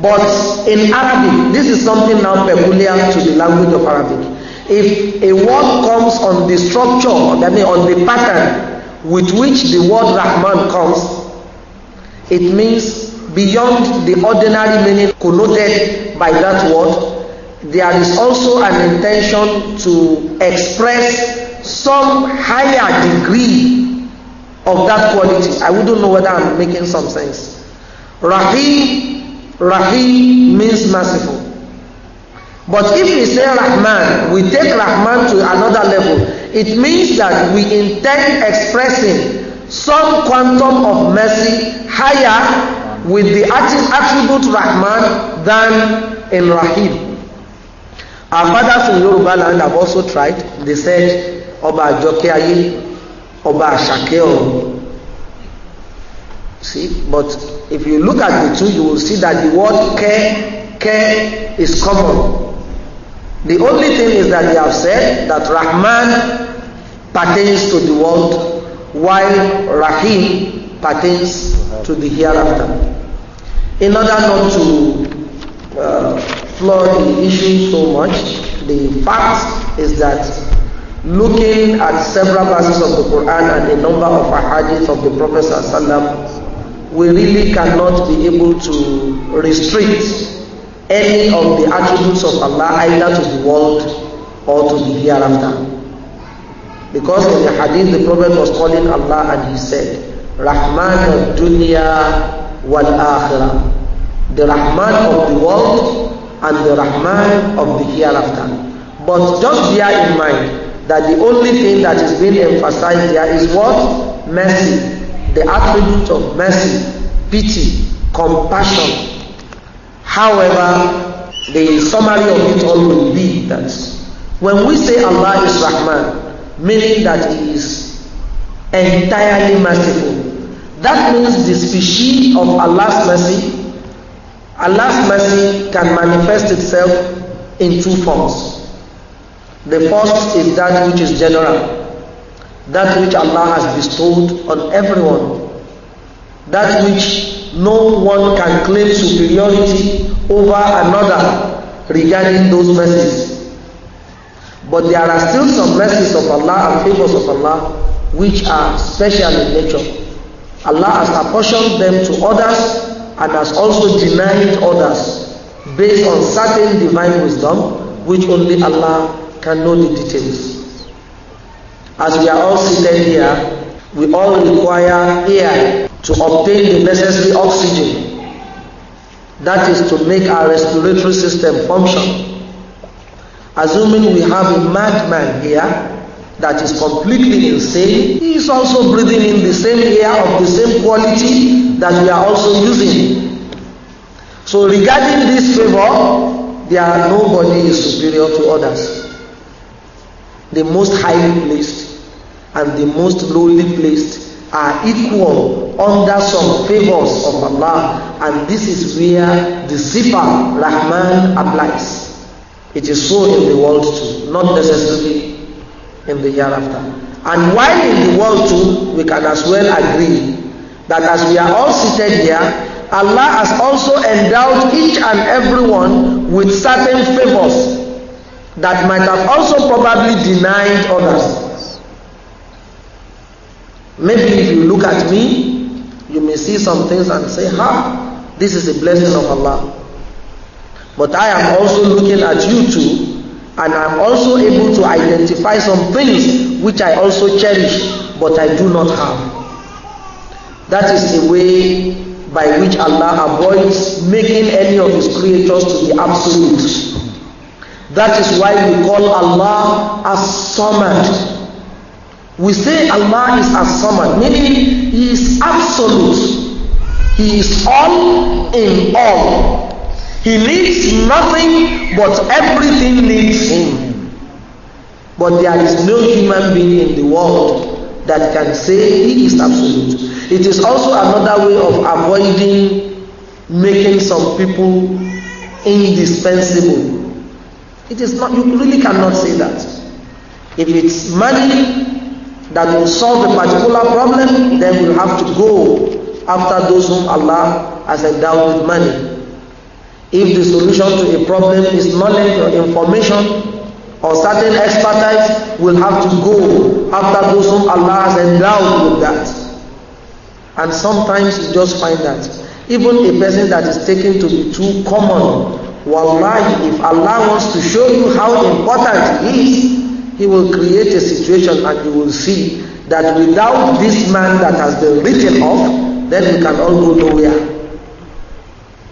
A: But in Arabic, this is something now peculiar to the language of Arabic. If a word comes on the structure, that means on the pattern with which the word Rahman comes, it means beyond the ordinary meaning connoted by that word, there is also an intention to express some higher degree of that quality. I wouldn't know whether I'm making some sense. Rahim, Rahim means merciful. But if we say Rahman, we take Rahman to another level. It means that we intend expressing some quantum of mercy higher with the attribute Rahman than in Rahim. Our fathers in Yoruba land have also tried. They said ọba àjọkẹ́ ayé ọba àṣàkẹ́ ọ̀run see but if you look at the two you will see that the word care care is common the only thing is that they have said that Rahman pertains to the world while Rahim pertains to the hereafter in order not to uh, flood the issue so much the fact is that looking at several verses of the Quran and a number of ahadith of the Prophet ﷺ, we really cannot be able to restrict any of the attributes of Allah either to the world or to the hereafter. Because in the hadith the Prophet was calling Allah and he said, Rahman al-dunya wal-akhirah. The Rahman of the world and the Rahman of the hereafter. But just bear in mind, that the only thing that is being emphasized there is what? Mercy. The attribute of mercy, pity, compassion. However, the summary of it all will be that when we say Allah is Rahman, meaning that He is entirely merciful, that means the species of Allah's mercy, Allah's mercy can manifest itself in two forms. The first is that which is general, that which Allah has bestowed on everyone, that which no one can claim superiority over another regarding those mercies. But there are still some mercies of Allah and favors of Allah which are special in nature. Allah has apportioned them to others and has also denied others based on certain divine wisdom which only Allah can know the details. As we are all seated here, we all require air to obtain the necessary oxygen. That is to make our respiratory system function. Assuming we have a madman here that is completely insane, he is also breathing in the same air of the same quality that we are also using. So regarding this favor, there are nobody is superior to others. The most highly placed and the most lowly placed are equal under some favors of Allah, and this is where the Sifa Rahman applies. It is so in the world too, not necessarily in the hereafter. And while in the world too, we can as well agree that as we are all seated here, Allah has also endowed each and everyone with certain favors that might have also probably denied others. Maybe if you look at me, you may see some things and say, Ha, this is a blessing of Allah. But I am also looking at you too, and I'm also able to identify some things which I also cherish, but I do not have. That is the way by which Allah avoids making any of His creatures to be absolute. That is why we call Allah As-Samad. We say Allah is As-Samad, meaning He is absolute. He is all in all. He needs nothing but everything needs Him. But there is no human being in the world that can say He is absolute. It is also another way of avoiding making some people indispensable It is not, you really cannot say that. If it's money that will solve a particular problem, then we'll have to go after those whom Allah has endowed with money. If the solution to a problem is knowledge or information or certain expertise, we'll have to go after those whom Allah has endowed with that. And sometimes you just find that even a person that is taken to be too common Wallahi, if Allah wants to show you how important He is, He will create a situation and you will see that without this man that has been written off, then we can all go nowhere.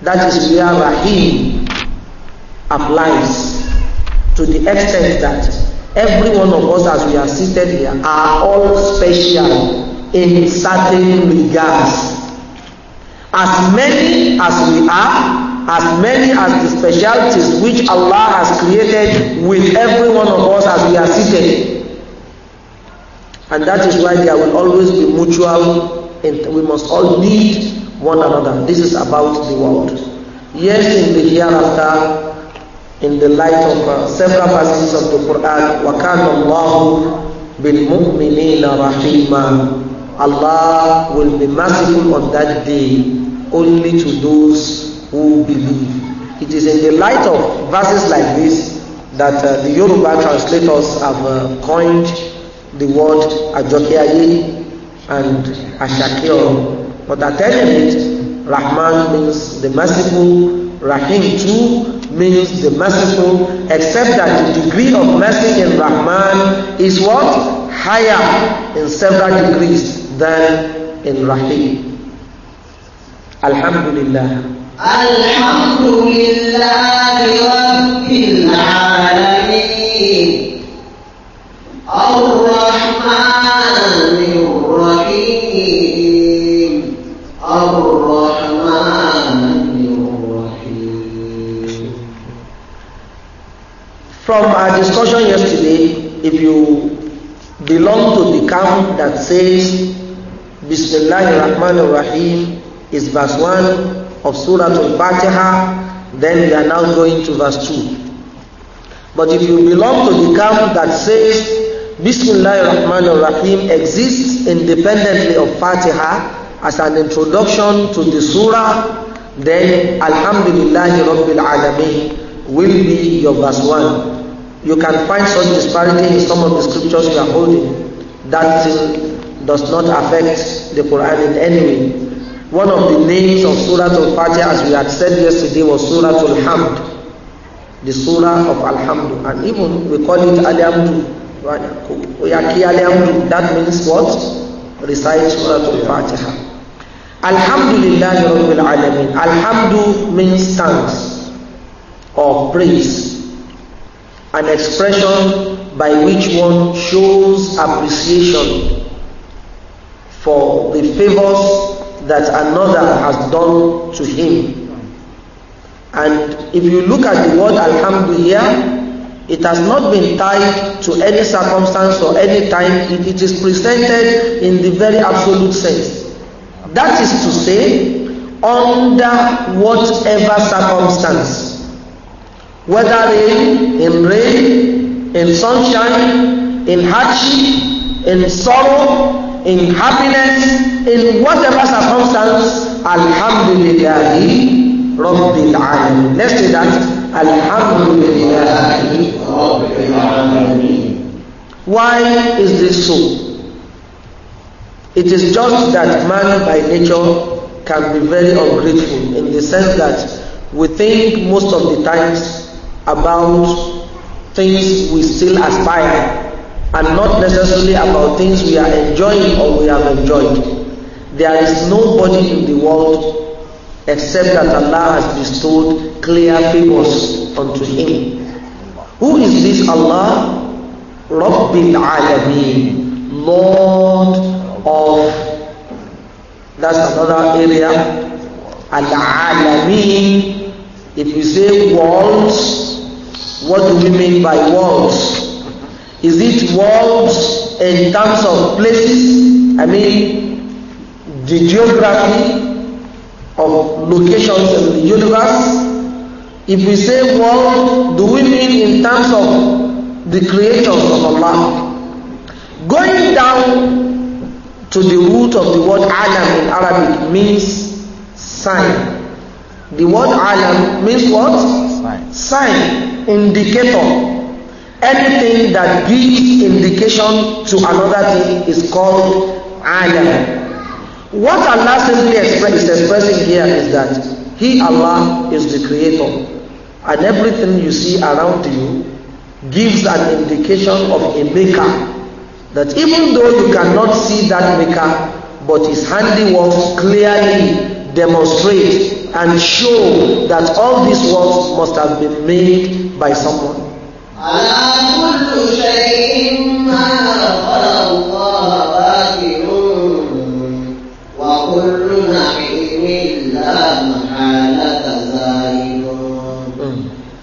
A: That is where Rahim applies to the extent that every one of us as we are seated here are all special in certain regards. As many as we are, as many as the specialties which Allah has created with every one of us as we are seated. And that is why there will always be mutual, and we must all need one another. This is about the world. Yes, in the hereafter, in the light of uh, several verses of the Quran, وَكَانَ bil بِالْمُؤْمِنِينَ رَحِيمًا Allah will be merciful on that day only to those who believe. It is in the light of verses like this that uh, the Yoruba translators have uh, coined the word Ajokiaye and Ashakio. But at any rate, Rahman means the merciful, Rahim too means the merciful, except that the degree of mercy in Rahman is what? Higher in several degrees than in Rahim. Alhamdulillah. الحمد لله رب العالمين
D: الرحمن
C: الرحيم
A: الرحمن الرحيم From our discussion yesterday, if you belong to the camp that says Bismillahir Rahmanir Rahim is verse 1 of Surah Al-Fatiha, then we are now going to verse two. But if you belong to the camp that says Bismillah Rahman Rahim exists independently of Fatiha as an introduction to the surah, then Alhamdulillah Rabbil Alameen will be your verse one. You can find such disparity in some of the scriptures we are holding. That does not affect the Quran in any way. One of the names of Surah Al-Fatiha, as we had said yesterday, was Surah Al-Hamd, the Surah of Al-Hamd. And even we call it Al-Hamd. We are That means what? Recite Surah Al-Fatiha. Alhamdulillah, Rabbil Alameen. Alhamdu means thanks or praise, an expression by which one shows appreciation for the favors that another has done to him. And if you look at the word Alhamdulillah, it has not been tied to any circumstance or any time. It, it is presented in the very absolute sense. That is to say, under whatever circumstance, whether rain, in rain, in sunshine, in hardship, in sorrow, in happiness, in whatever circumstance, Alhamdulillah, Rabbil Alamin. Let's say that, Alhamdulillah, Rabbil Alamin. Why is this so? It is just that man by nature can be very ungrateful in the sense that we think most of the times about things we still aspire and not necessarily about things we are enjoying or we have enjoyed. There is nobody in the world except that Allah has bestowed clear favors unto him. Who is this Allah? Rabbil Alameen, Lord of, that's another area, Al-Alameen. If we say worlds, what do we mean by worlds? Is it worlds in terms of places? I mean, the geography of locations in the universe, if we say world, do we mean in terms of the creators of Allah? Going down to the root of the word alam in Arabic means sign. The word alam means what? Sign. indicator. Anything that gives indication to another thing is called alam. What Allah simply is expressing here is that He, Allah, is the creator. And everything you see around you gives an indication of a maker. That even though you cannot see that maker, but his handiwork clearly demonstrate and show that all these works must have been made by someone.
C: وكل نعيم لا محالة زائد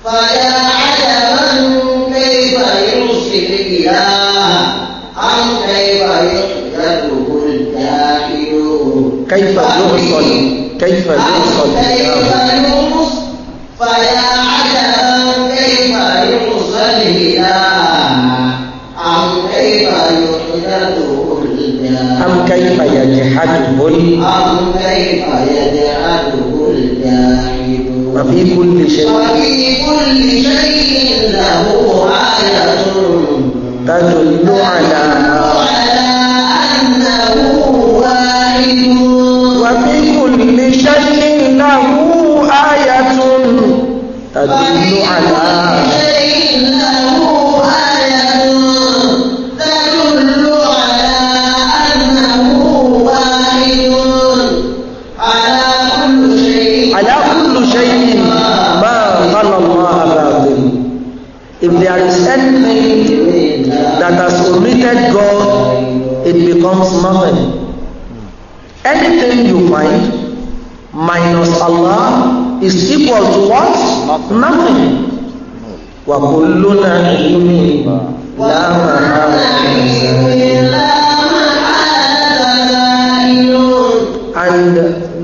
C: فيا عجبا كيف يمشي الإله أم كيف يقتله الجاحد كيف يوصل
A: كيف يوصل
B: كيف يوصل
C: فيا عجبا كيف يوصل الإله أم كيف يقتله
A: أم كيف يجحده
C: الجاحدون
A: وفي كل شيء
C: وفي كل شيء له آية تدل على على أنه واحد وفي كل
A: شيء له آية تدل على And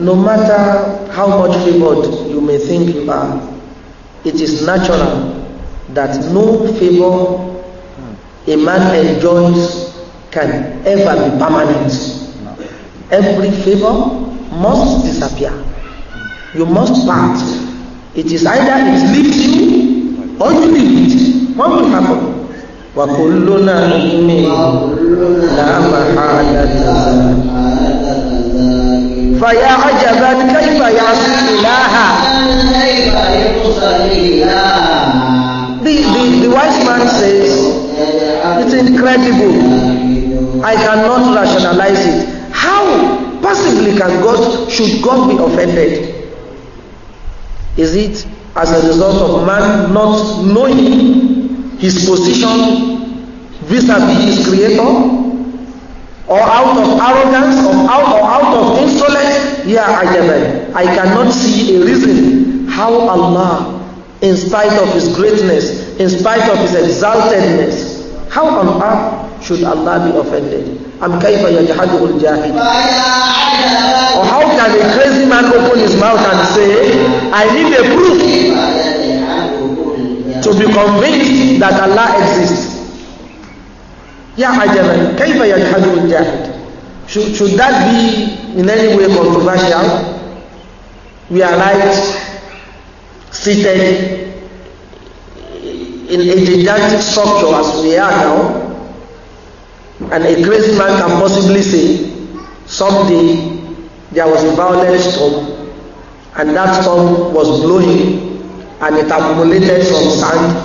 A: no matter how much favored you may think you are, it is natural that no favor a man enjoys can ever be permanent. Every favor must disappear. You must part. It is either it leaves you ojúbì wọ́n mú àpò wà kò ló náà ní láàmà àdàdà fàyà àjàbá ní kẹ́yìnbà yà sí ìlàhà The, the, the wise man says, it's incredible. I cannot rationalize it. How possibly can God, should God be offended? Is it as a result of man not knowing his position vis-a-vis his creator or out of arrogance or out, or out of insolence yeah I ajaban i cannot see a reason how allah in spite of his greatness in spite of his exaltedness how on earth should Allah be offended? Am kaifa yajhaduhu al-jahil? Or how can a crazy man open his mouth and say, I need a proof to be convinced that Allah exists? Ya ajaban, kaifa yajhaduhu al-jahil? Should, should that be in any way controversial? We are right, seated in a didactic structure as we are now, And a crazy man can possibly say, someday there was a violent storm, and that storm was blowing, and it accumulated some sand,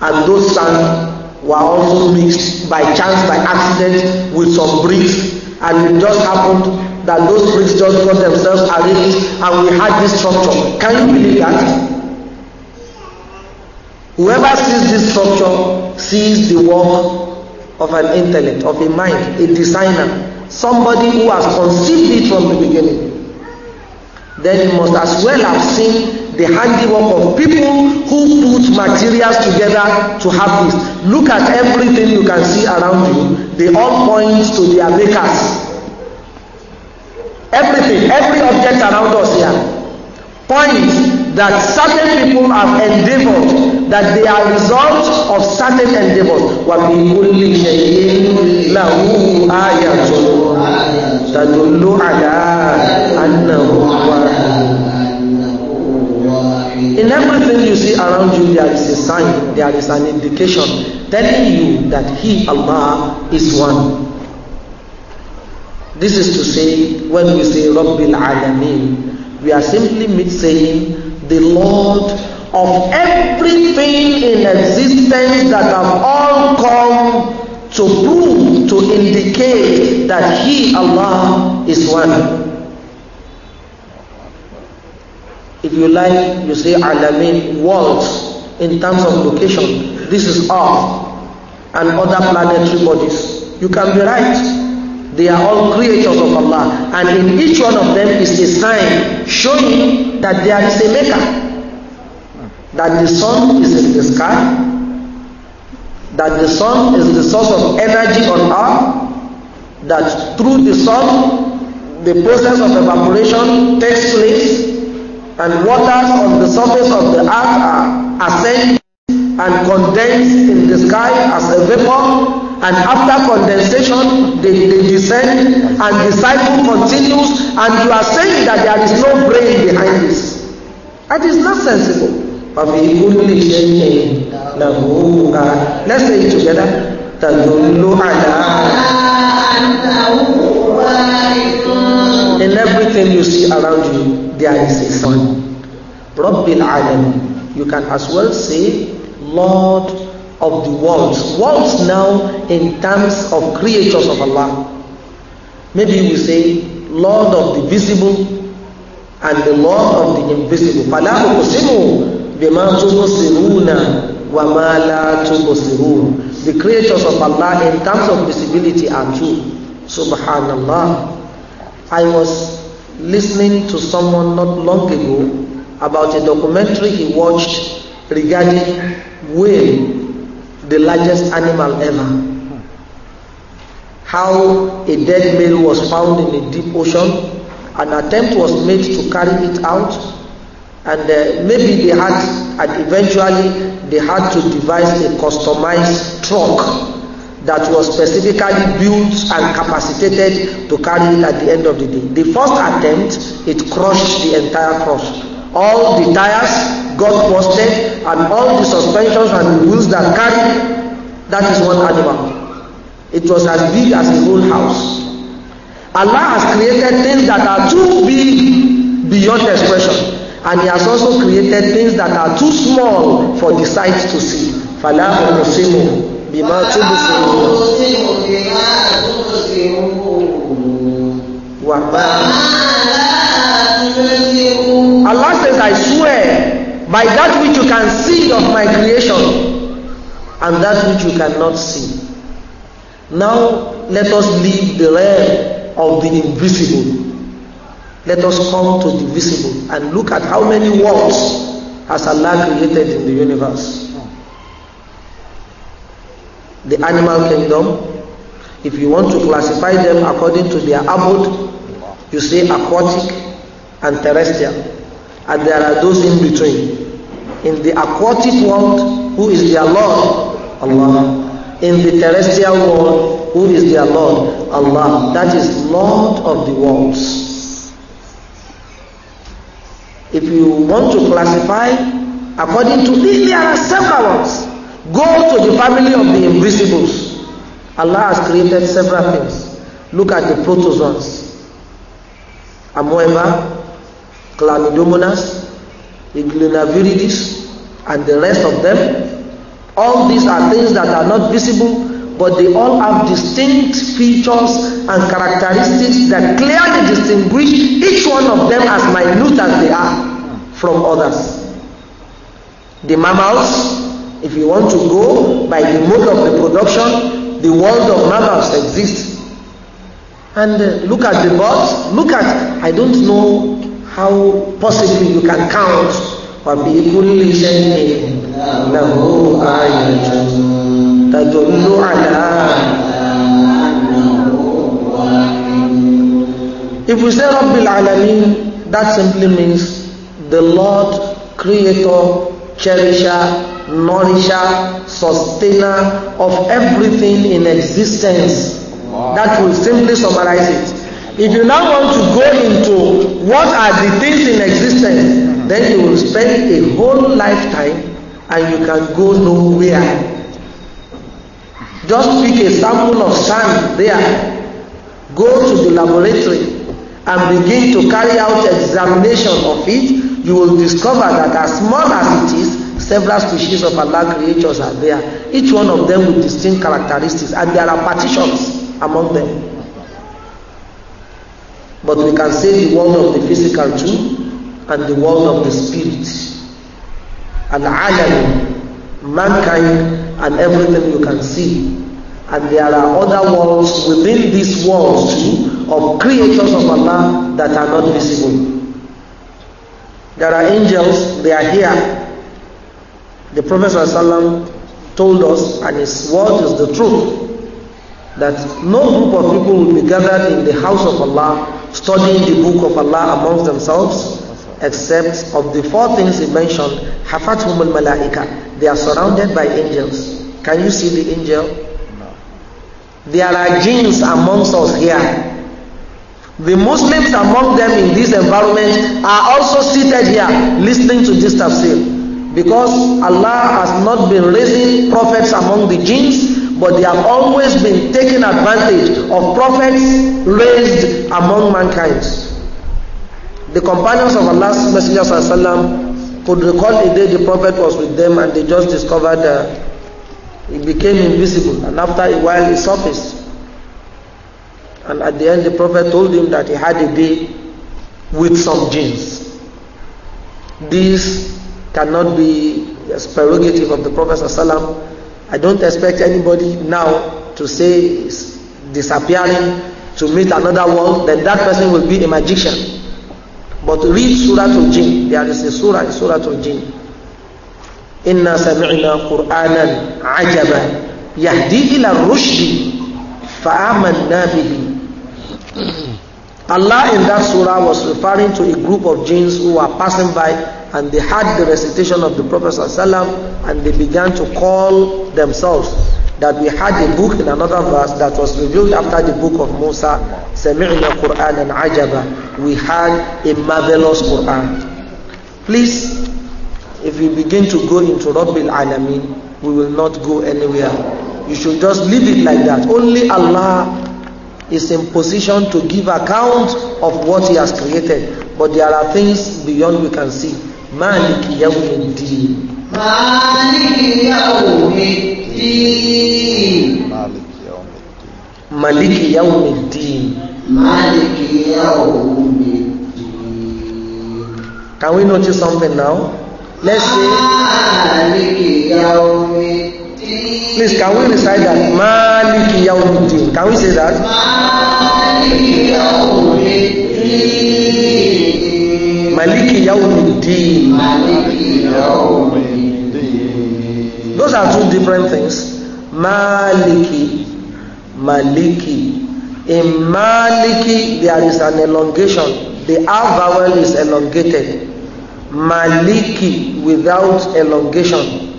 A: and those sand were also mixed by chance, by accident, with some bricks, and it just happened that those bricks just got themselves arranged, and we had this structure. Can you believe that? Whoever sees this structure sees the work of an intellect, of a mind, a designer, somebody who has conceived it from the beginning, then you must as well have seen the handiwork of people who put materials together to have this. Look at everything you can see around you, they all point to their makers. Everything, every object around us here points that certain people have endeavoured, that they are result of certain endeavors وَبِكُلِّ شَيْءٍ لَهُ آيَةٌ تَدُلُّ عَلَىٰ أَنَّهُ In everything you see around you, there is a sign, there is an indication telling you that He, Allah, is one. This is to say, when we say Rabbil alamin, we are simply saying the Lord of everything in existence that have all come to prove, to indicate that He, Allah, is one. If you like, you say Alamin worlds in terms of location. This is Earth and other planetary bodies. You can be right. They are all creatures of Allah. And in each one of them is a sign showing that there is a maker. That the sun is in the sky. That the sun is the source of energy on earth. That through the sun, the process of evaporation takes place. And waters on the surface of the earth are ascended and condensed in the sky as a vapor and after condensation they they descend and the cycle continues and you are saying that there is no brain behind this that is not sensible. وفي كل شيء له let's say it together تدل على In everything you see around you, there is a sign. Rabbil Alam. You can as well say, Lord of the world. World now in terms of creators of Allah. Maybe we say Lord of the visible and the Lord of the invisible. فَلَا أُقْسِمُ بِمَا تُبْصِرُونَ وَمَا لَا The creators of Allah in terms of visibility are two. Subhanallah. I was listening to someone not long ago about a documentary he watched regarding whale the largest animal ever. How a dead male was found in a deep ocean. An attempt was made to carry it out, and uh, maybe they had, and eventually they had to devise a customized truck that was specifically built and capacitated to carry it at the end of the day. The first attempt, it crushed the entire crop all the tires got busted and all the suspensions and wheels that carried that is one animal it was as big as his whole house allah has created things that are too big beyond expression and he has also created things that are too small for the sight to see fala uqsimu bima tubsirun wa ma by that which you can see of my creation and that which you cannot see. Now let us leave the realm of the invisible. Let us come to the visible and look at how many worlds has Allah created in the universe. The animal kingdom, if you want to classify them according to their abode, you say aquatic and terrestrial. And there are those in between. In the aquatic world, who is their Lord? Allah. In the terrestrial world, who is their Lord? Allah. That is Lord of the worlds. If you want to classify according to this, there are several ones. Go to the family of the invisibles. Allah has created several things. Look at the protozoans. Amoeba, Chlamydomonas, including and the rest of them. All these are things that are not visible, but they all have distinct features and characteristics that clearly distinguish each one of them as minute as they are from others. The mammals, if you want to go by the mode of the production, the world of mammals exists. And uh, look at the birds, look at, I don't know how possibly you can count وفي كل شيء له آية تدل على
B: If we say Rabbil
A: Alameen, that simply means the Lord, Creator, Cherisher, Nourisher, Sustainer of everything in existence. That will simply summarize it. If you now want to go into what are the things in existence, then you will spend a whole lifetime and you can go nowhere. Just pick a sample of sand there, go to the laboratory and begin to carry out examination of it, you will discover that as small as it is, several species of Allah creatures are there. Each one of them with distinct characteristics and there are partitions among them. But we can say the world of the physical too and the world of the spirit. and alam mankind and everything you can see. And there are other worlds within these worlds too of creators of Allah that are not visible. There are angels, they are here. The Prophet ﷺ told us, and his word is the truth, that no group of people will be gathered in the house of Allah studying the book of Allah amongst themselves, except of the four things he mentioned, hafathumul malaika. They are surrounded by angels. Can you see the angel? No. There are jinns amongst us here. The Muslims among them in this environment are also seated here listening to this tafsir because Allah has not been raising prophets among the jinns but they have always been taking advantage of prophets raised among mankind. The companions of Allah's Messenger could recall a day the prophet was with them and they just discovered he became invisible and after a while he surfaced. And at the end the prophet told him that he had a day with some jinns. This cannot be as prerogative of the Prophet sallallahu I don't expect anybody now to say is disappearing to meet another one, then that person will be a magician. But read Surah Al-Jinn. There is a surah in Surah Al-Jinn. إِنَّا سَمِعْنَا قُرْآنًا عَجَبًا يَهْدِي إِلَى الرُّشْدِ فَآمَنَّا بِهِ Allah in that surah was referring to a group of jinns who were passing by and they had the recitation of the Prophet ﷺ and they began to call themselves that we had a book in another verse that was revealed after the book of Musa, Sami'na Quran and Ajaba. We had a marvelous Quran. Please, if we begin to go into Rabbil Alameen, we will not go anywhere. You should just leave it like that. Only Allah is in position to give account of what He has created. But there are things beyond we can see. máàlìkì yàwó mi dì í.
C: máàlìkì yàwó mi
A: dì í. máàlìkì yàwó mi dì í.
C: máàlìkì yàwó mi dì í.
A: Can we notice something now? Let's say. máàlìkì yàwó mi dì í. Please, can we recite that? Maliki Yawmiddin. Can we say that? Maliki Yawmiddin. Maliki Yawmiddin. Those are two different things. Maliki, Maliki. In Maliki, there is an elongation. The R vowel is elongated. Maliki without elongation.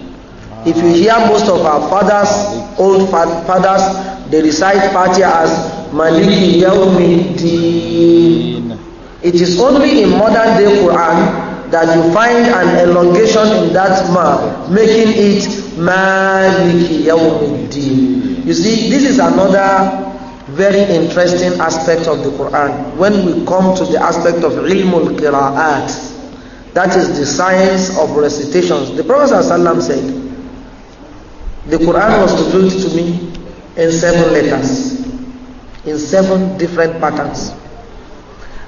A: If you hear most of our fathers, old fathers, they recite Fatiha as Maliki Yawmi It is only in modern day Quran that you find an elongation in that ma making it maliki yawmiddin you see this is another very interesting aspect of the quran when we come to the aspect of ilmul qira'at that is the science of recitations the prophet sallallahu said the quran was revealed to me in seven letters in seven different patterns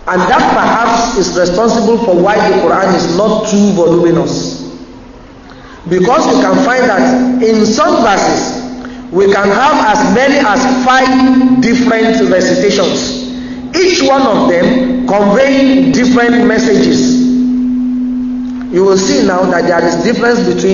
A: And that perhaps is responsible for why the Quran is not too voluminous. Because you can find that in some verses, we can have as many as five different recitations, each one of them conveying different messages. You will see now that there is difference between